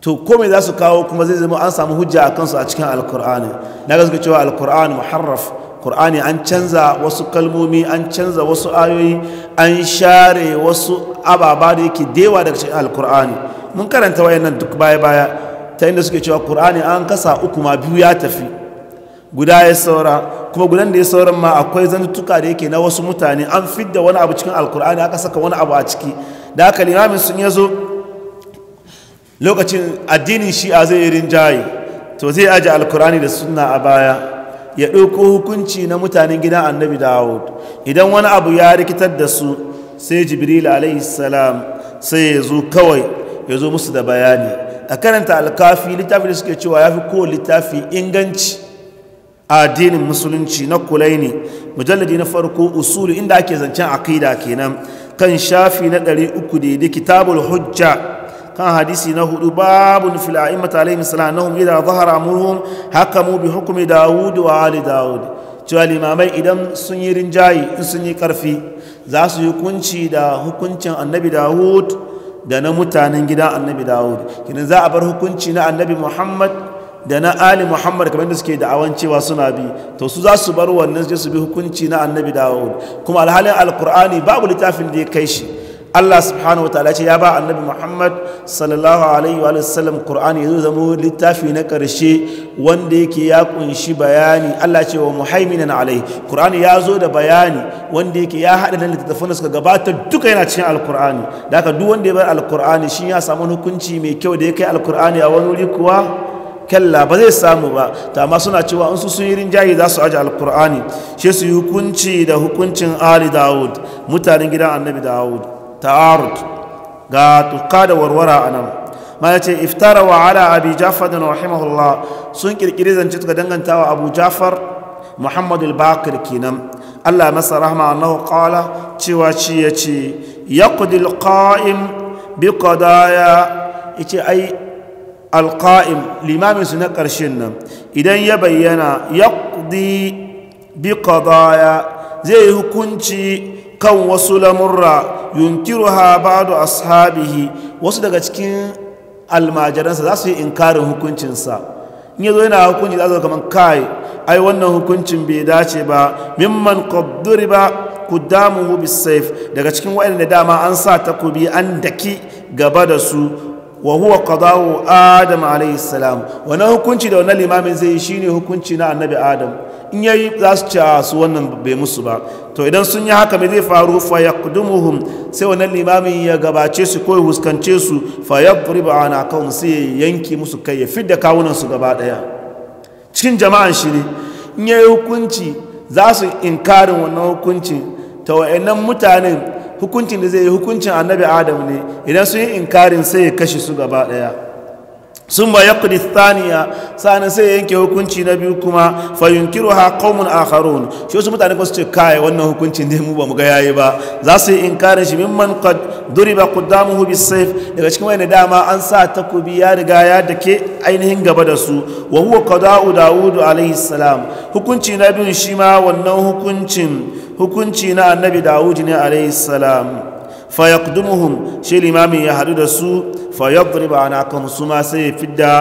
S1: to komai za su kawo kuma zai zama an samu hujja a kansu a cikin alkur'ani na ga suka cewa alkur'ani muharraf ƙur'ani an canza wasu kalmomi an canza wasu ayoyi an share wasu ababa da yake dewa daga cikin alƙur'ani mun karanta wayannan duk baya-baya ta inda suke cewa ƙur'ani an kasa uku ma biyu ya tafi guda ya saura kuma gudan da ya sauran ma akwai zantuka da yake na wasu mutane an fidda wani abu cikin alƙur'ani aka saka wani abu a ciki da haka limamin sun ya zo lokacin addinin shi'a zai yi rinjaye to zai al alkur'ani da sunna a baya ya ɗauko hukunci na mutanen gidan annabi dawud idan wani abu ya rikitar da su sai jibril alaihissalam sai ya zo kawai ya zo musu da bayani a karanta alkafi littafi da suke cewa ya fi kowa littafi inganci a addinin musulunci na kulai ne mujalladi na farko usulu inda ake zancen akida kenan kan shafi na 300 da kitabul hujja kan hadisi na hudu babun fil a'immati alaihim salam nahum idza zahara amruhum hakamu bi hukmi daud wa ali daud cewa limamai idan sun yi rinjayi in sun yi karfi za su yi hukunci da hukuncin annabi dawud da na mutanen gidan annabi dawud kinan za a bar hukunci na annabi muhammad da na ali muhammad kamar da suke da'awan cewa suna bi to su za su bar wannan su bi hukunci na annabi dawud kuma alhalin alkur'ani babu littafin da ya kai shi Allah subhanahu wa ya ce ya ba annabi Muhammad sallallahu alaihi wa sallam Qur'ani yazo zama littafi na karshe wanda yake ya kunshi bayani Allah ce wa muhaiminan alaihi Qur'ani ya zo da bayani wanda yake ya hada da littafin da suka gabata duka yana cikin alkur'ani da haka duk wanda ya bar alkur'ani shi ya samu hukunci mai kyau da ya kai alkur'ani a wani wuri kuwa kalla ba zai samu ba ta amma suna cewa in su sun yi rinjaye za su aji alkur'ani shi su yi hukunci da hukuncin ali dawud mutanen gidan annabi dawud ta'arud ga tuka da warwara a nan ma ya ce iftara wa ala abi jafar da rahimahullah sun kirkiri zance suka wa abu jafar muhammadu al-bakir kenan allah masa rahma annahu qala cewa ci ya ce yaqdi al-qa'im bi qadaya yace ai al-qa'im limamin su na karshen nan idan ya bayyana yaqdi bi qadaya zai hukunci kan wasu lamurra yunkiru ha, ba da ashabihi wasu daga cikin almajiransa za su yi inkarin hukuncinsa in yazo yana hukunci za su kamar kai ai wannan hukuncin bai dace ba mimman qadduriba bi saif. daga cikin waɗanda dama an sa takobi an daki gaba da su wa huwa qadawu adam alayhi salam wannan hukunci da wannan limamin zai yi shine hukunci na annabi adam in yayi za su ci su wannan bai musu ba to idan sun yi haka mai zai faru fa sai wannan limamin ya gabace su ko ya huskance su fa ba ana kawun su ya yanki musu kai ya fidda kawunan su gaba daya cikin jama'an shiri, ne in yi hukunci za su inkarin wannan hukuncin ta wayannan mutanen hukuncin da zai yi hukuncin annabi adam ne idan sun yi inkarin sai ya kashe su gaba daya sun ba ya kudi thaniya sa'anin sai yanke hukunci na biyu kuma fahimkiru ha a harun. shi wasu mutane ko su ce kai wannan hukuncin ne mu ba mu ga yayi ba za su yi inkarin shi mimman qad kudamu qaddamuhu bisayf daga cikin wani dama an sa takobi ya riga ya dake ainihin gaba da su wa huwa da'udu daud alayhi salam hukunci na biyu shi ma wannan hukuncin hukunci na annabi daud ne alayhi salam fayaqdumuhum shi limami ya haɗu da su fayadriba ana kan su ma sai ya fidda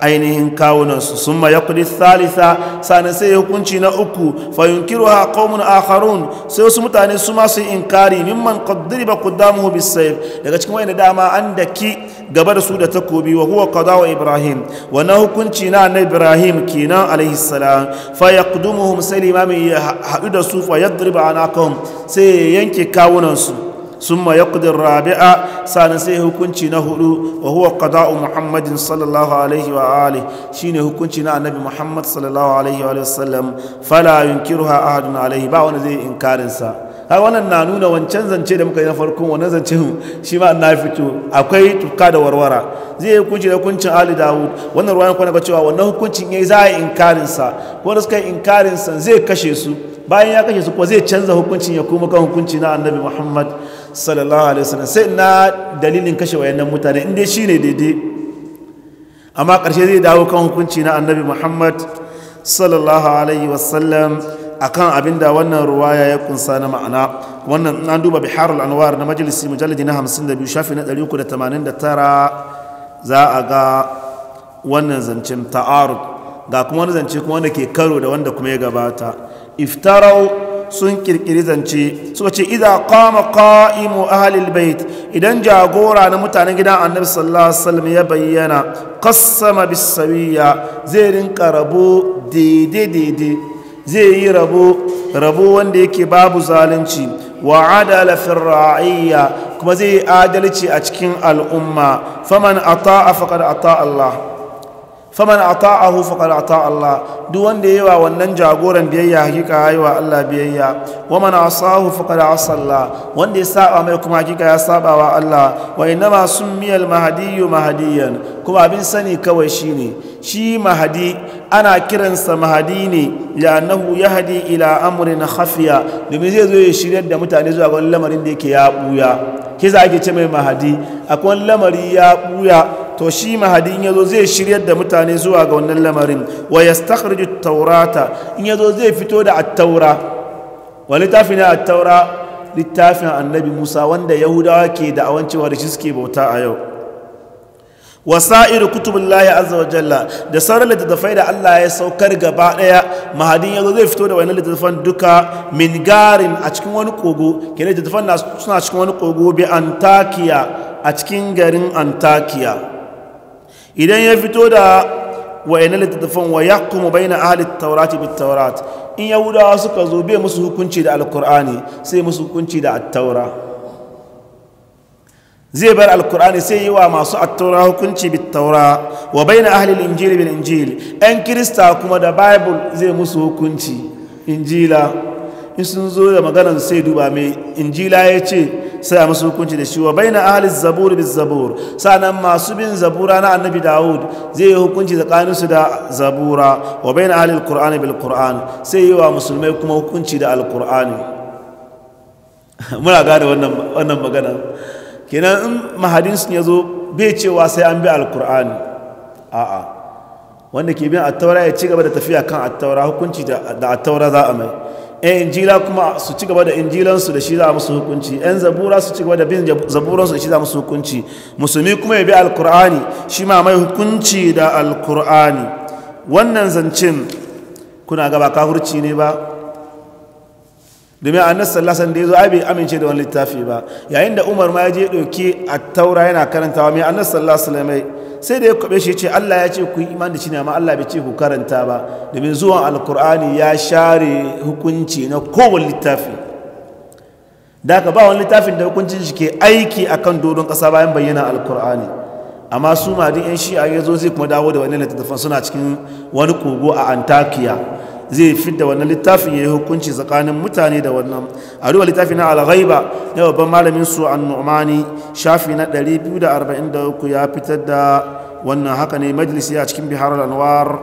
S1: ainihin kawunansu sun ma yaƙudi thalitha sani sai ya hukunci na uku fayunkiru ha qaumun akharun sai wasu mutane su masu inkari mimman qaddriba qaddamuhu bisayf daga cikin wayanda dama an daki gaba da su da takobi wa huwa qada wa ibrahim wannan hukunci na annabi ibrahim kenan alaihi salam fa yaqdumuhum sai limamin ya haɗu da su fa yadriba anaqahum sai yanke kawunansu summa يقضي rabi'a سانسي sai hukunci na hudu wa huwa qada'u muhammadin sallallahu alaihi wa alihi shine hukunci na muhammad sallallahu alaihi wa sallam fala yunkiruha ahadun alaihi ba zai sa wannan na nuna wancan zance da muka yi na farkon wannan zance shi ma na fito akwai tuka da warwara zai yi hukunci da hukuncin ali dawud wannan ruwayan kwana cewa wannan hukuncin yi za a yi inkarin sa ko da suka yi inkarin zai kashe su bayan ya kashe su kuwa zai canza hukuncin ya kuma kan hukunci na annabi muhammad sallallahu alaihi wasallam sai na dalilin kashe wayannan mutane inda shi ne daidai amma ƙarshe zai dawo kan hukunci na annabi muhammad sallallahu alaihi wasallam akan kan abinda wannan ruwaya ya kunsa na ma'ana wannan an duba biharul anwar na majalisi mujalladi na 52 shafi na 389 za a ga wannan zancen ta'arud ga kuma wani zance kuma wanda ke karo da wanda kuma ya gabata iftarau sun kirkiri zance suka ce idza kama ka'imu ahli bait idan jagora na mutanen gidan annabi sallallahu alaihi wasallam ya bayyana kassama bisawiya zai rinka rabo daidai daidai zai yi rabo rabo wanda yake babu zalunci wa adala fi ra'iyya kuma zai yi adalci a cikin al'umma faman ata'a faqad ata Allah faman ata'ahu faqad ata'a Allah duk wanda yayi wa wannan jagoran biyayya hakika yayi wa Allah biyayya wa man asahu faqad asa Allah wanda ya saba mai kuma hakika ya saba wa Allah wa inma summiyal Mahadiyu, Mahadiyan? kuma abin sani kawai shine shi mahadi ana kiransa mahadi ne ya annahu yahdi ila amrin khafiya domin zai zo ya shiryar da mutane zuwa ga lamarin da yake ya buya kisa ake ce mai mahadi akwai lamari ya buya to shi mahadi yazo zai shiryar da mutane zuwa ga wannan lamarin wa yastakhrijut taurata in yazo zai fito da at-taura wa littafin at-taura littafin annabi Musa wanda Yahudawa ke da awanci da shi suke bauta a yau wasa'ir kutubullahi azza wa jalla da sauran littattafai da Allah ya saukar gaba daya mahadin yazo zai fito da wannan littattafan duka min garin a cikin wani kogo kenan littattafan suna cikin wani kogo bi antakiya a cikin garin antakiya idan ya fito da wa'ina littattafan wa ya kuma bayyana ahalin taurati bit taurat in yahudawa suka zo bai musu hukunci da alkur'ani sai musu hukunci da attaura zai bar alkur'ani sai yi wa masu attaura hukunci bit taura wa bayyana ahalin injili bil injili yan kirista kuma da bible zai musu hukunci injila in sun zo da maganar sai duba mai injila ya ce sai a masu hukunci da shi wa bai na ahalis zabur bis zabur sanan masu bin zabura na annabi dawud zai yi hukunci tsakaninsu da zabura wa bai na ahalil qur'ani bil qur'an sai yi wa musulmai kuma hukunci da alqur'ani muna gane wannan magana kenan in mahadin sun ya zo bai cewa sai an bi alqur'ani a'a wanda ke bin attaura ya ci gaba da tafiya kan attaura hukunci da attaura za a mai 'yan eh, injila kuma su ci gaba da injilansu da shi za musu hukunci 'yan zabura su ci gaba da bin zaburansu da shi za musu hukunci musulmi kuma ya bi alkur'ani shi ma mai hukunci da alkur'ani wannan zancen kuna gaba kahurci ne ba domin annas sallasan da ya zo abin amince da wani littafi ba yayin da umar ma ya je ɗauke a taura yana karantawa mai annas sallasan mai sai da ya kwabe shi ce Allah ya ce ku yi imani da shi ne amma Allah bai ce ku karanta ba domin zuwan alkur'ani ya share hukunci na kowane littafi da ka ba wani littafin da hukuncin shi ke aiki akan dodon ƙasa bayan bayyana alkur'ani amma su ma duk yan shi ya zo zai kuma dawo da wani littattafan suna cikin wani kogo a antakiya zai fidda wannan littafin ya yi hukunci tsakanin mutane da wannan a duba littafin na alghaiba na babban malamin su an nu'mani shafi na 243 ya fitar da wannan haka ne majalisi a cikin bihar anwar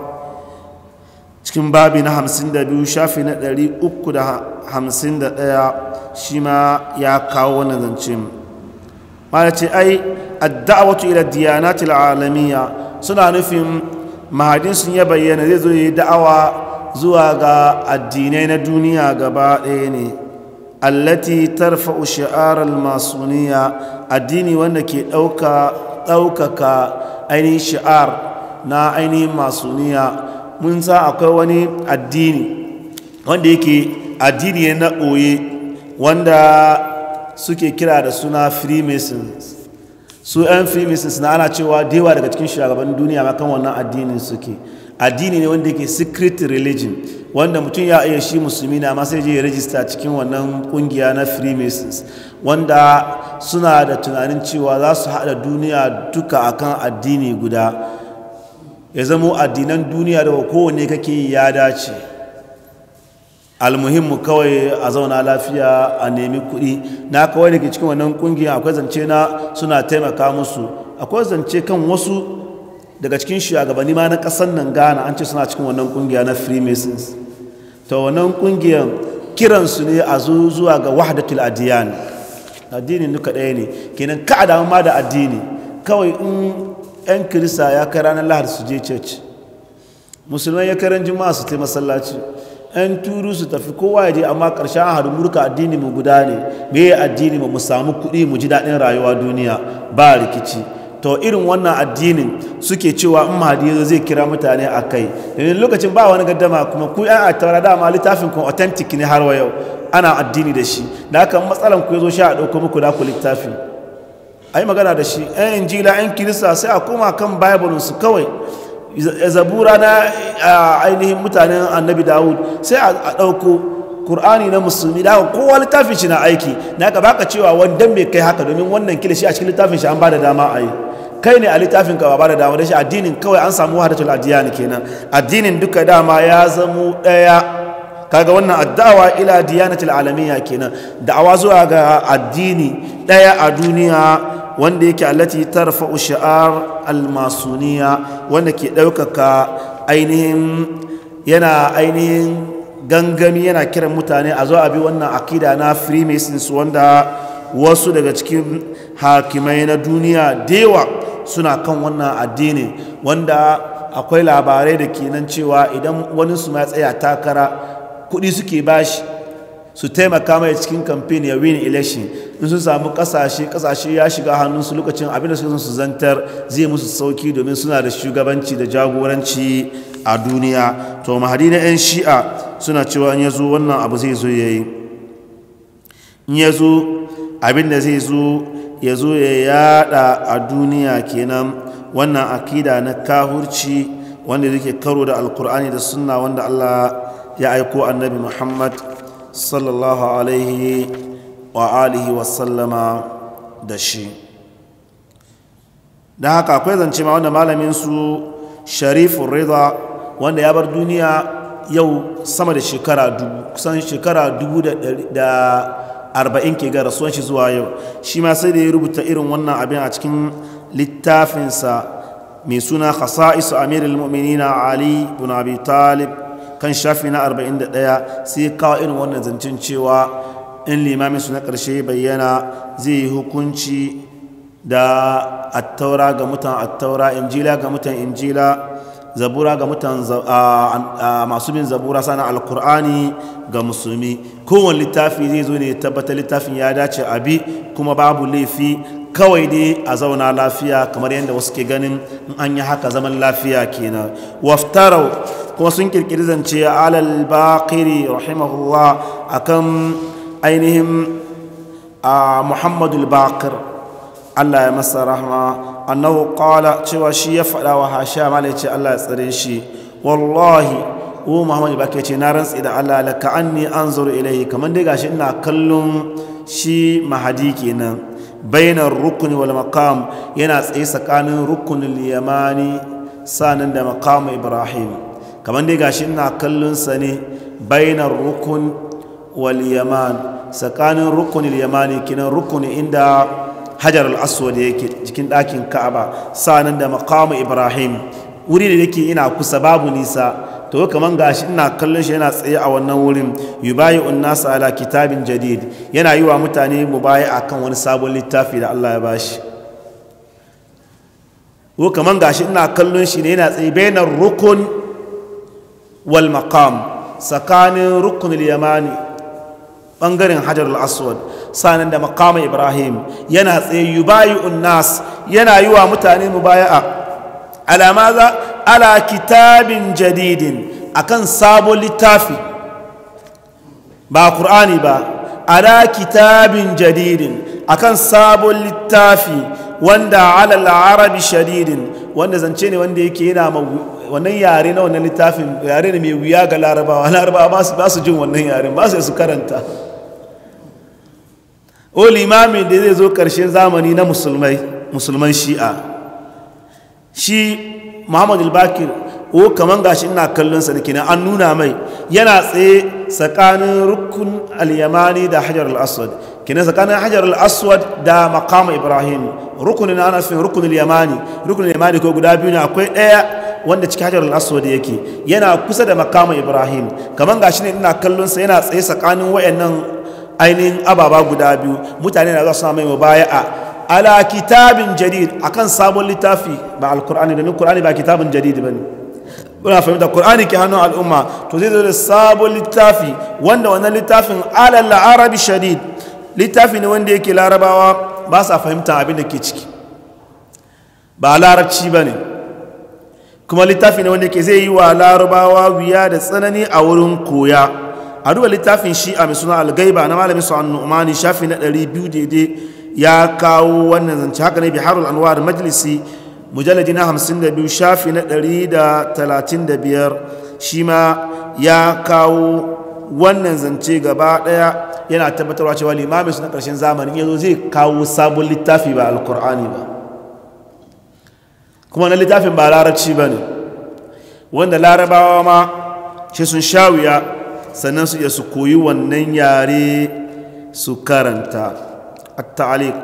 S1: cikin babi na 52 shafi na 351 shi ma ya kawo wannan zance mana ce ai adda'awatu ila diyanatil alamiya suna nufin mahadin sun ya bayyana zai zo yi da'awa zuwa ga addinai na duniya gaba ɗaya ne allati tarfa shi'arar masuniya addini wanda ke ɗaukaka ainihin shi'ar na ainihin masuniya mun sa akwai wani addini wanda yake addini na ɓoye wanda suke kira da suna freemasons su 'yan freemasons na ana cewa dewa daga cikin shugaban duniya makan wannan addinin suke addini ne wanda yake secret religion wanda mutum ya iya shi musulmi na amma sai rajista cikin wannan kungiya na freemasons wanda suna da tunanin cewa za su haɗa duniya duka akan addini guda ya zamo addinan duniya da kowane kake ya dace almuhimmu kawai a zauna lafiya a nemi kuɗi na kawai da cikin wannan kungiya akwai zance na suna taimaka musu akwai zance kan wasu daga cikin shugabanni ma na kasan nan Ghana an ce suna cikin wannan kungiya na Freemasons ta wannan kungiyar kiransu ne a zo zuwa ga wahdatul adiyan addini nuka ɗaya ne kenan ka adamu ma da addini kawai in yan kirista ya kai ranar lahar su je church musulman ya kai ran juma'a su masallaci yan turu su tafi kowa ya je amma ƙarshen harin murka addini mu guda ne me addini mu samu kuɗi mu ji daɗin rayuwa duniya ba rikici to irin wannan addinin suke cewa in mahadi yazo zai kira mutane a kai domin lokacin ba wani gaddama kuma ku yan attara dama littafin ku authentic ne har wa yau ana addini da shi da haka matsalan ku ya zo sha a ɗauko muku da ku littafi ai magana da shi yan injila yan kirista sai a koma kan bible su kawai zabura na ainihin mutanen annabi dawud sai a ɗauko Kur'ani na musulmi da kowa littafin shi na aiki na ka baka cewa wanda mai kai haka domin wannan kila shi a cikin littafin shi an ba da dama a yi kai ne a littafin ka ba da dama da shi addinin kawai an samu wahadatul adiyan kenan addinin duka dama ya zamo daya kaga wannan addawa ila diyanatul alamiya kenan da'awa zuwa ga addini daya a duniya wanda yake allati tarfa ushar almasuniya wanda ke daukaka ainihin yana ainihin gangami yana kiran mutane a zo a bi wannan akida na freemasons wanda wasu daga cikin hakimai na duniya dewa suna kan wannan addini wanda akwai labarai da kenan cewa idan wani su ma tsaya takara kudi suke bashi su taimaka mai cikin kamfen ya win election in sun samu kasashe kasashe ya shiga su lokacin abinda suka su zantar zai musu sauki domin suna da shugabanci da jagoranci a duniya to mahadi na 'yan shi'a suna cewa in ya zo wannan abu zai zo ya yi in ya zo abinda zai zo ya zo ya yada a duniya kenan wannan akida na kahurci wanda yake karo da alkur'ani da sunna wanda Allah ya aiko annabi Muhammad sallallahu alaihi wa alihi wa da shi don haka akwai zance ma wanda malamin su sharifun rida wanda ya bar duniya yau sama da shekara dubu kusan shekara dubu da arba'in ke ga rasuwan shi zuwa yau shi ma sai da ya rubuta irin wannan abin a cikin littafinsa mai suna khasa'isu amirul na ali bin abi talib kan shafi na arba'in da 41 sai kawo irin wannan zancen cewa in limamin su na karshe bayyana zai yi hukunci da attaura ga mutan attaura injila ga mutan injila zabura ga mutan masu bin zabura sana alkur'ani ga musulmi kowane littafi zai zo ne tabbatar littafin ya dace a bi kuma babu laifi kawai dai a zauna lafiya kamar yadda wasu ke ganin in an yi haka zaman lafiya kenan waftarau kuma sun kirkiri zance alal bakiri rahimahullah akan ainihin muhammadul bakir Allah ya masa rahma annahu qala cewa shi ya faɗa wa hasha malai ce Allah ya tsare shi wallahi o muhammadu ba ce na rantsi da Allah la ka an anzuru ilayhi kaman dai gashi ina kallon shi mahadi kenan bainar rukuni wal maqam yana tsaye tsakanin rukunin yamani sanin da maqam ibrahim kaman dai gashi ina kallon sa ne bainar rukun wal yaman tsakanin rukunin yamani kenan rukuni inda hajar al da yake jikin ɗakin ka'aba sanan da maqamu ibrahim wuri da yake ina kusa babu nisa to kaman gashi ina kallon shi yana tsaye a wannan wurin yubayi'un nasu ala kitabin jadid yana yi wa mutane mubaya akan wani sabon littafi da Allah ya bashi ko kaman gashi ina kallon shi ne yana tsaye bainar rukun wal maqam tsakanin rukunul yamani bangaren hajarul aswad sanan da makama ibrahim yana tsaye yubayi'un unnas, yana yi wa mutane mubaya'a ala maza ala kitabin jadidin akan sabon littafi ba qur'ani ba ala kitabin jadidin akan sabon littafi wanda ala arabi shadidin wanda zance ne wanda yake yana wannan yare na wannan littafin yare ne mai wuya ga larabawa larabawa ba su jin wannan yare, ba su su karanta o limamin da zai zo ƙarshen zamani na musulman shi'a shi muhammadu bakir o kaman gashi ina kallonsa da kinan an nuna mai yana tsaye tsakanin rukun al-yamani da hajar al-aswad kenan tsakanin hajar al-aswad da makama ibrahim rukunin ana nufin rukun al-yamani rukun al-yamani ko guda biyu ne akwai ɗaya wanda cikin hajar al-aswad yake yana kusa da makama ibrahim kaman gashi ne ina kallonsa yana tsaye tsakanin wayannan ainihin ababa guda biyu mutane na za su mai a ala kitabin jadid akan sabon littafi ba alkur'ani domin kur'ani ba kitabin jadid ba ne kuna fahimta kur'ani ke hannun al'umma to zai zo da sabon littafi wanda wannan littafin alal arabi shadid littafi ne wanda yake larabawa ba sa fahimta abin da ke ciki ba larabci ba ne kuma littafi ne wanda ke zai yi wa larabawa wuya da tsanani a wurin koya a duba littafin shi'a mai suna algaiba na malamin sa'an nu'mani shafi na 200 daidai ya kawo wannan zance haka ne harul anwar majalisi mujalladi na 52 shafi na 135 shi ma ya kawo wannan zance gaba daya yana tabbatarwa cewa limamin su na karshen zamanin yanzu zai kawo sabon littafi ba alkur'ani ba kuma na littafin ba larabci ba ne wanda larabawa ma shi sun sha wuya sannan su iya su koyi wannan yare su karanta a ta'alik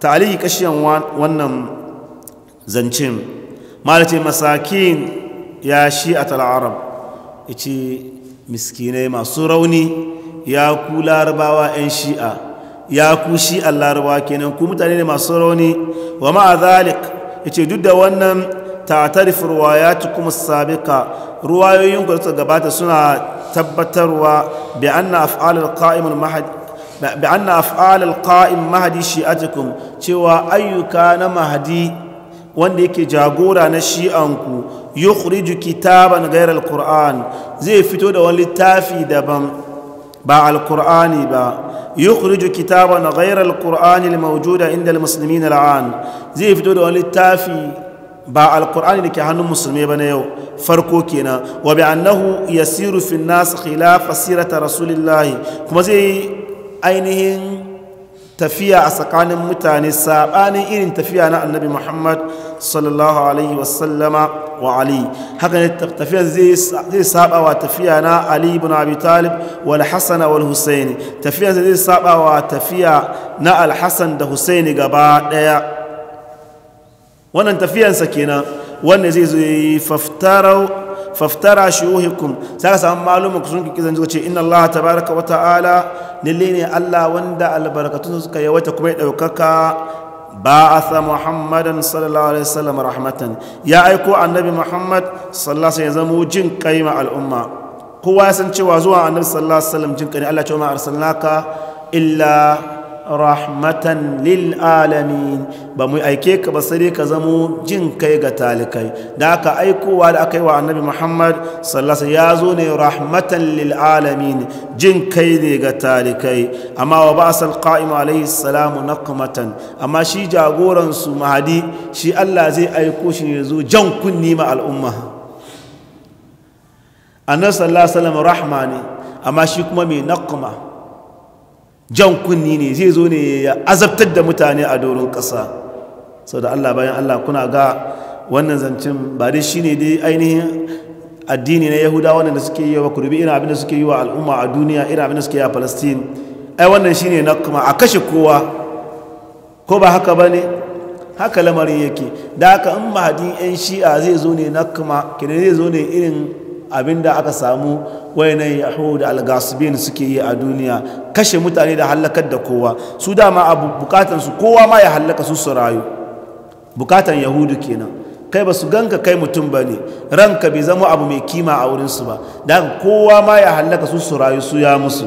S1: ta'alik kashiyan wannan zancen malace masakin ya shi a tal'arab ya ce miskinai masu rauni ya ku larabawa 'yan shi'a ya ku shi'an larabawa kenan ku mutane ne masu rauni wa ma'a zalik ya ce duk da wannan تعترف رواياتكم السابقة رواية ينقل تقبات سنة تبتروا بأن أفعال القائم المحد بأن أفعال القائم مهدي شيئتكم شوى أي كان مهدي wanda yake jagora na shi'anku yukhriju kitaban ghayra alquran zai fito da wani littafi daban ba alqurani ba yukhriju kitaban ghayra alqurani almawjuda inda na al'an zai fito da wani littafi ba alkur'ani da ke hannun musulmi ba na yau farko kenan wa bi annahu yasiru fi nas khilafa sirata rasulillahi kuma zai yi ainihin tafiya a tsakanin mutane sabanin irin tafiya na annabi muhammad sallallahu alaihi wasallama wa ali haka ne tafiya zai saba wa tafiya na ali ibn abi talib wal hasan wal husaini tafiya zai saba wa tafiya na al hasan da husaini gaba daya wannan tafiyansa kenan wanda zai zo yi faftara shuhukum sai ka samu malumin ku sun ki kizan ce inna Allah tabaraka wa ta'ala lalle ne Allah wanda albarkatun suka yawaita kuma ya daukaka ba'atha muhammadan sallallahu alaihi wasallam rahmatan ya aiko annabi muhammad sallallahu alaihi wasallam ya zama jin kai ma al'umma kowa ya san cewa zuwa annabi sallallahu alaihi wasallam jin kai Allah ya ce ma arsalnaka illa rahmatan lil alamin ba mu aike ka ba sai ka zamo jin kai ga talikai da aka aikowa da aka yi wa annabi muhammad sallasa ya zo ne rahmatan lil alamin jin kai ne ga talikai amma wa ba'asal qa'im alaihi salam naqmatan amma shi jagoran su mahadi shi Allah zai aiko shi ne zo jan kunni ma al'umma annabi sallallahu alaihi wasallam rahma ne amma shi kuma mai naqma jan kunni ne zai zo ne ya azabtar da mutane a doron ƙasa sau da allah bayan allah kuna ga wannan zancen ba dai shi ne dai ainihin addini na yahudawa da suke yi wa kurbi irin abin da suke yi wa al'umma a duniya irin abin da suke yi a palestine ai wannan shi ne na kuma a kashe kowa ko ba haka ba ne haka lamarin yake da haka in mahadin 'yan shi'a zai zo ne na kuma kenan zai zo ne irin abinda aka samu wainan yahud al-gasibin suke yi a duniya kashe mutane da halakar da kowa su dama abu bukatan su kowa ma ya halaka su su rayu bukatan yahudu kenan kai ba su ganka kai mutum ba ne ranka bai zama abu mai kima a wurinsu ba da kowa ma ya halaka su su rayu su ya musu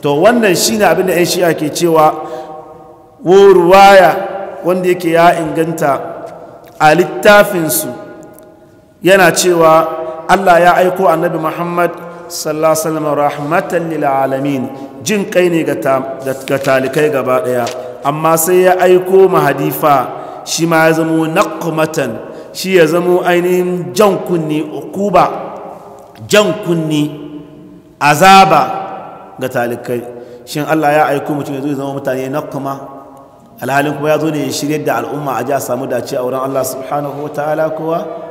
S1: to wannan shine abinda yan shi'a ke cewa ruwaya wanda yake ya inganta a littafinsu yana cewa Allah ya aiko annabi Muhammad sallallahu alaihi rahmatan lil alamin jin kai ne ga talikai gaba daya amma sai ya aiko mahadifa shi ma ya zamo naqmatan shi ya zamo ainihin jan kunni ukuba jan kunni azaba ga talikai shin Allah ya aiko mutum ya zo zama mutane naqma alhalin kuma ya zo ne ya shirye da al'umma a ji a samu dace a wurin Allah subhanahu wa ta'ala kowa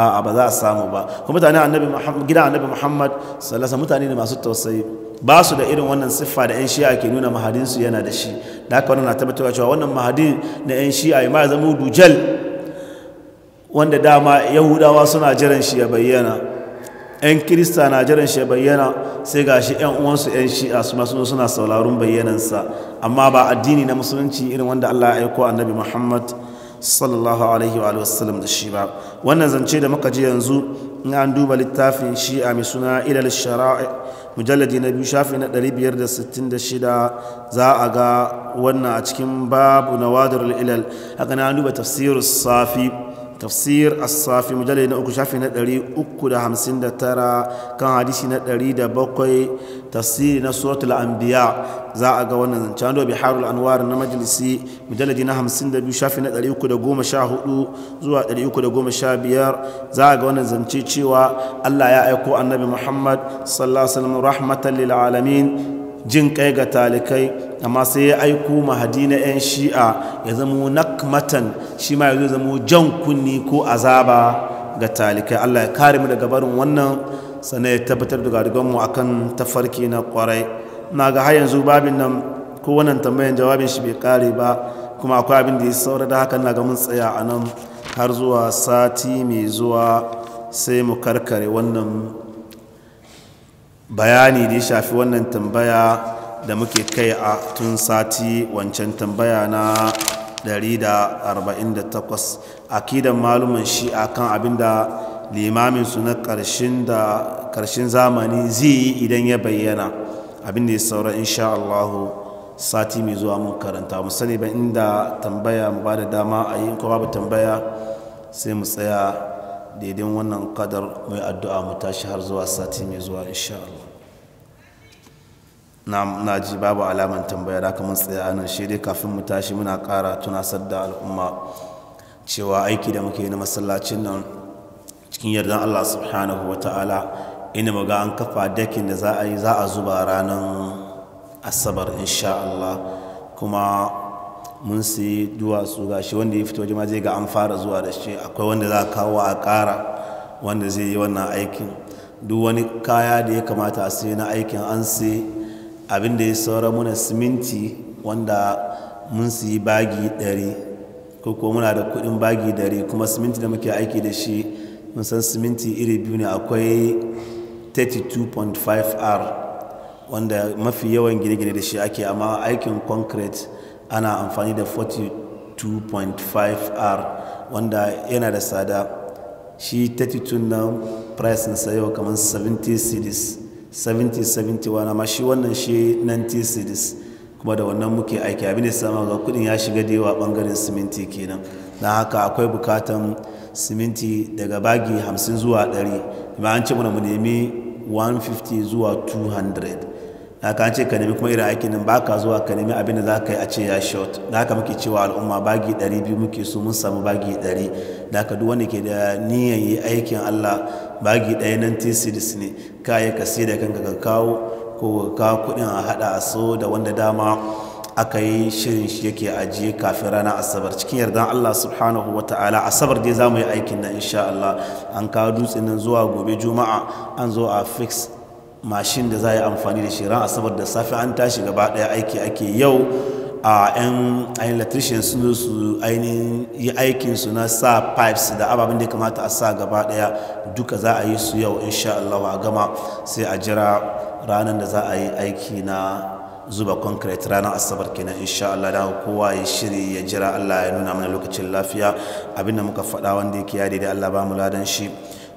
S1: a'a ba za a samu ba kuma mutane annabi muhammad gidan annabi muhammad sallallahu mutane ne masu tausayi ba su da irin wannan siffa da yan shi'a ke nuna mahadin su yana da shi da haka wannan na tabbatarwa cewa wannan mahadin na yan shi'a ma zama dujal wanda dama yahudawa suna jiran shi ya bayyana yan kirista na jiran shi ya bayyana sai gashi yan uwansu yan shi'a su ma suna sauraron bayyanansa amma ba addini na musulunci irin wanda Allah ya aiko annabi muhammad sallallahu alaihi wa sallam da shi ba wannan zance da muka ji yanzu in an duba littafin shi'a mai suna ilal shara'i mujalladi na biyu shafi na 566 za a ga wannan a cikin babu na wadar ilal haka na an duba tafsirus safi tafsir as-safi mujalladi na uku shafi na 359 kan hadisi na 107 tafsiri na suratul anbiya za a ga wannan zance an dobi harul anwar na majalisi mujalladi na 52 shafi na 314 zuwa 315 za a ga wannan zance cewa Allah ya aiko annabi Muhammad sallallahu alaihi wasallam rahmatan lil alamin jin kai ga talikai amma sai ya aiko mahadi na 'yan shi'a ya zama nakmatan shi ma ya zama jan kunni ko azaba ga talikai allah ya kare mu daga barin wannan sannan ya tabbatar da garigonmu a kan tafarki na kwarai na ga har yanzu babin nan ko wannan tambayan jawabin shi bai kare ba kuma akwai abin da ya saura da hakan na ga mun tsaya a nan har zuwa sati mai zuwa sai mu karkare wannan bayani da ya shafi wannan tambaya da muke kai a tun sati wancan tambaya na 148 akidan malumin shi akan abin da limamin su na karshen zamani zai idan ya bayyana abin da ya saura insha Allah sati mai zuwa mun karanta mu sani ba inda tambaya mu ba da dama a yi kuma ba tambaya sai mu tsaya daidai wannan kadar mai addu'a mu tashi har zuwa sati mai zuwa insha Allah na ji babu alaman tambaya da mun tsaya nan shi dai kafin mu tashi muna kara tunasar da al'umma cewa aiki da muke na masallacin nan cikin yardan Allah subhanahu wa ta'ala ina maga an kafa dakin da za a yi za a zuba ranar asabar insha Allah kuma mun siyi duwatsu ga shi wanda ya fito jima zai ga an fara zuwa da shi akwai wanda za a kawo a ƙara wanda zai yi wannan aikin duk wani kaya da ya kamata a sai na aikin an sai abin da ya saura muna siminti wanda mun yi bagi ɗari ko kuma muna da kuɗin bagi ɗari kuma siminti da muke aiki da shi mun san siminti iri biyu ne akwai 32.5r wanda mafi yawan gine-gine da shi ake amma aikin concrete ana amfani da 42.5r wanda yana da tsada shi 32 na pricinsa yau kamar 70 cedis 70 71 amma shi wannan shi 90 cedis kuma da wannan muke aiki abin da sama ga kudin ya shiga da yawa bangaren siminti kenan don haka akwai bukatan siminti daga bagi 50 zuwa 100 ma an ce muna mu nemi 150 zuwa 200 haka an ce ka nemi kuma irin aikin nan baka zuwa ka nemi abin da za ka yi a ce ya short da haka muke cewa al'umma bagi 200 muke so mun samu bagi 100 da haka duk wanda ke da niyan yi aikin Allah bagi ɗaya nan tcds ne ka yi ka sai da kanka ka kawo ko ka kuɗin a haɗa a so da wanda dama aka yi shirin shi yake ajiye kafin rana asabar cikin yardan Allah subhanahu wa ta'ala asabar dai za mu yi aikin na insha Allah an kawo dutsen nan zuwa gobe juma'a an zo a fix mashin da za a yi amfani da shi ran asabar da safe an tashi gaba daya aiki ake yau a yan ainihin sun zo su ainihin yi aikin su na sa pipes da ababen da ya kamata a sa gaba daya duka za a yi su yau insha Allah a gama sai a jira ranar da za a yi aiki na zuba concrete ranar asabar kenan insha Allah da kowa ya shiri ya jira Allah ya nuna mana lokacin lafiya abinda muka faɗa wanda yake ya daidai Allah ba mu ladan shi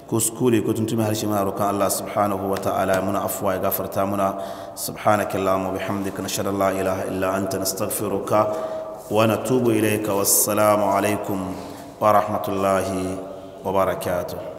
S1: kuskure ko tuntumi harshe muna roƙon Allah subhanahu wa ta'ala muna afwa ya gafarta muna subhanaka allahumma bihamdika nashhadu an la ilaha illa anta nastaghfiruka wa natubu ilayka wassalamu alaikum wa rahmatullahi wa barakatuh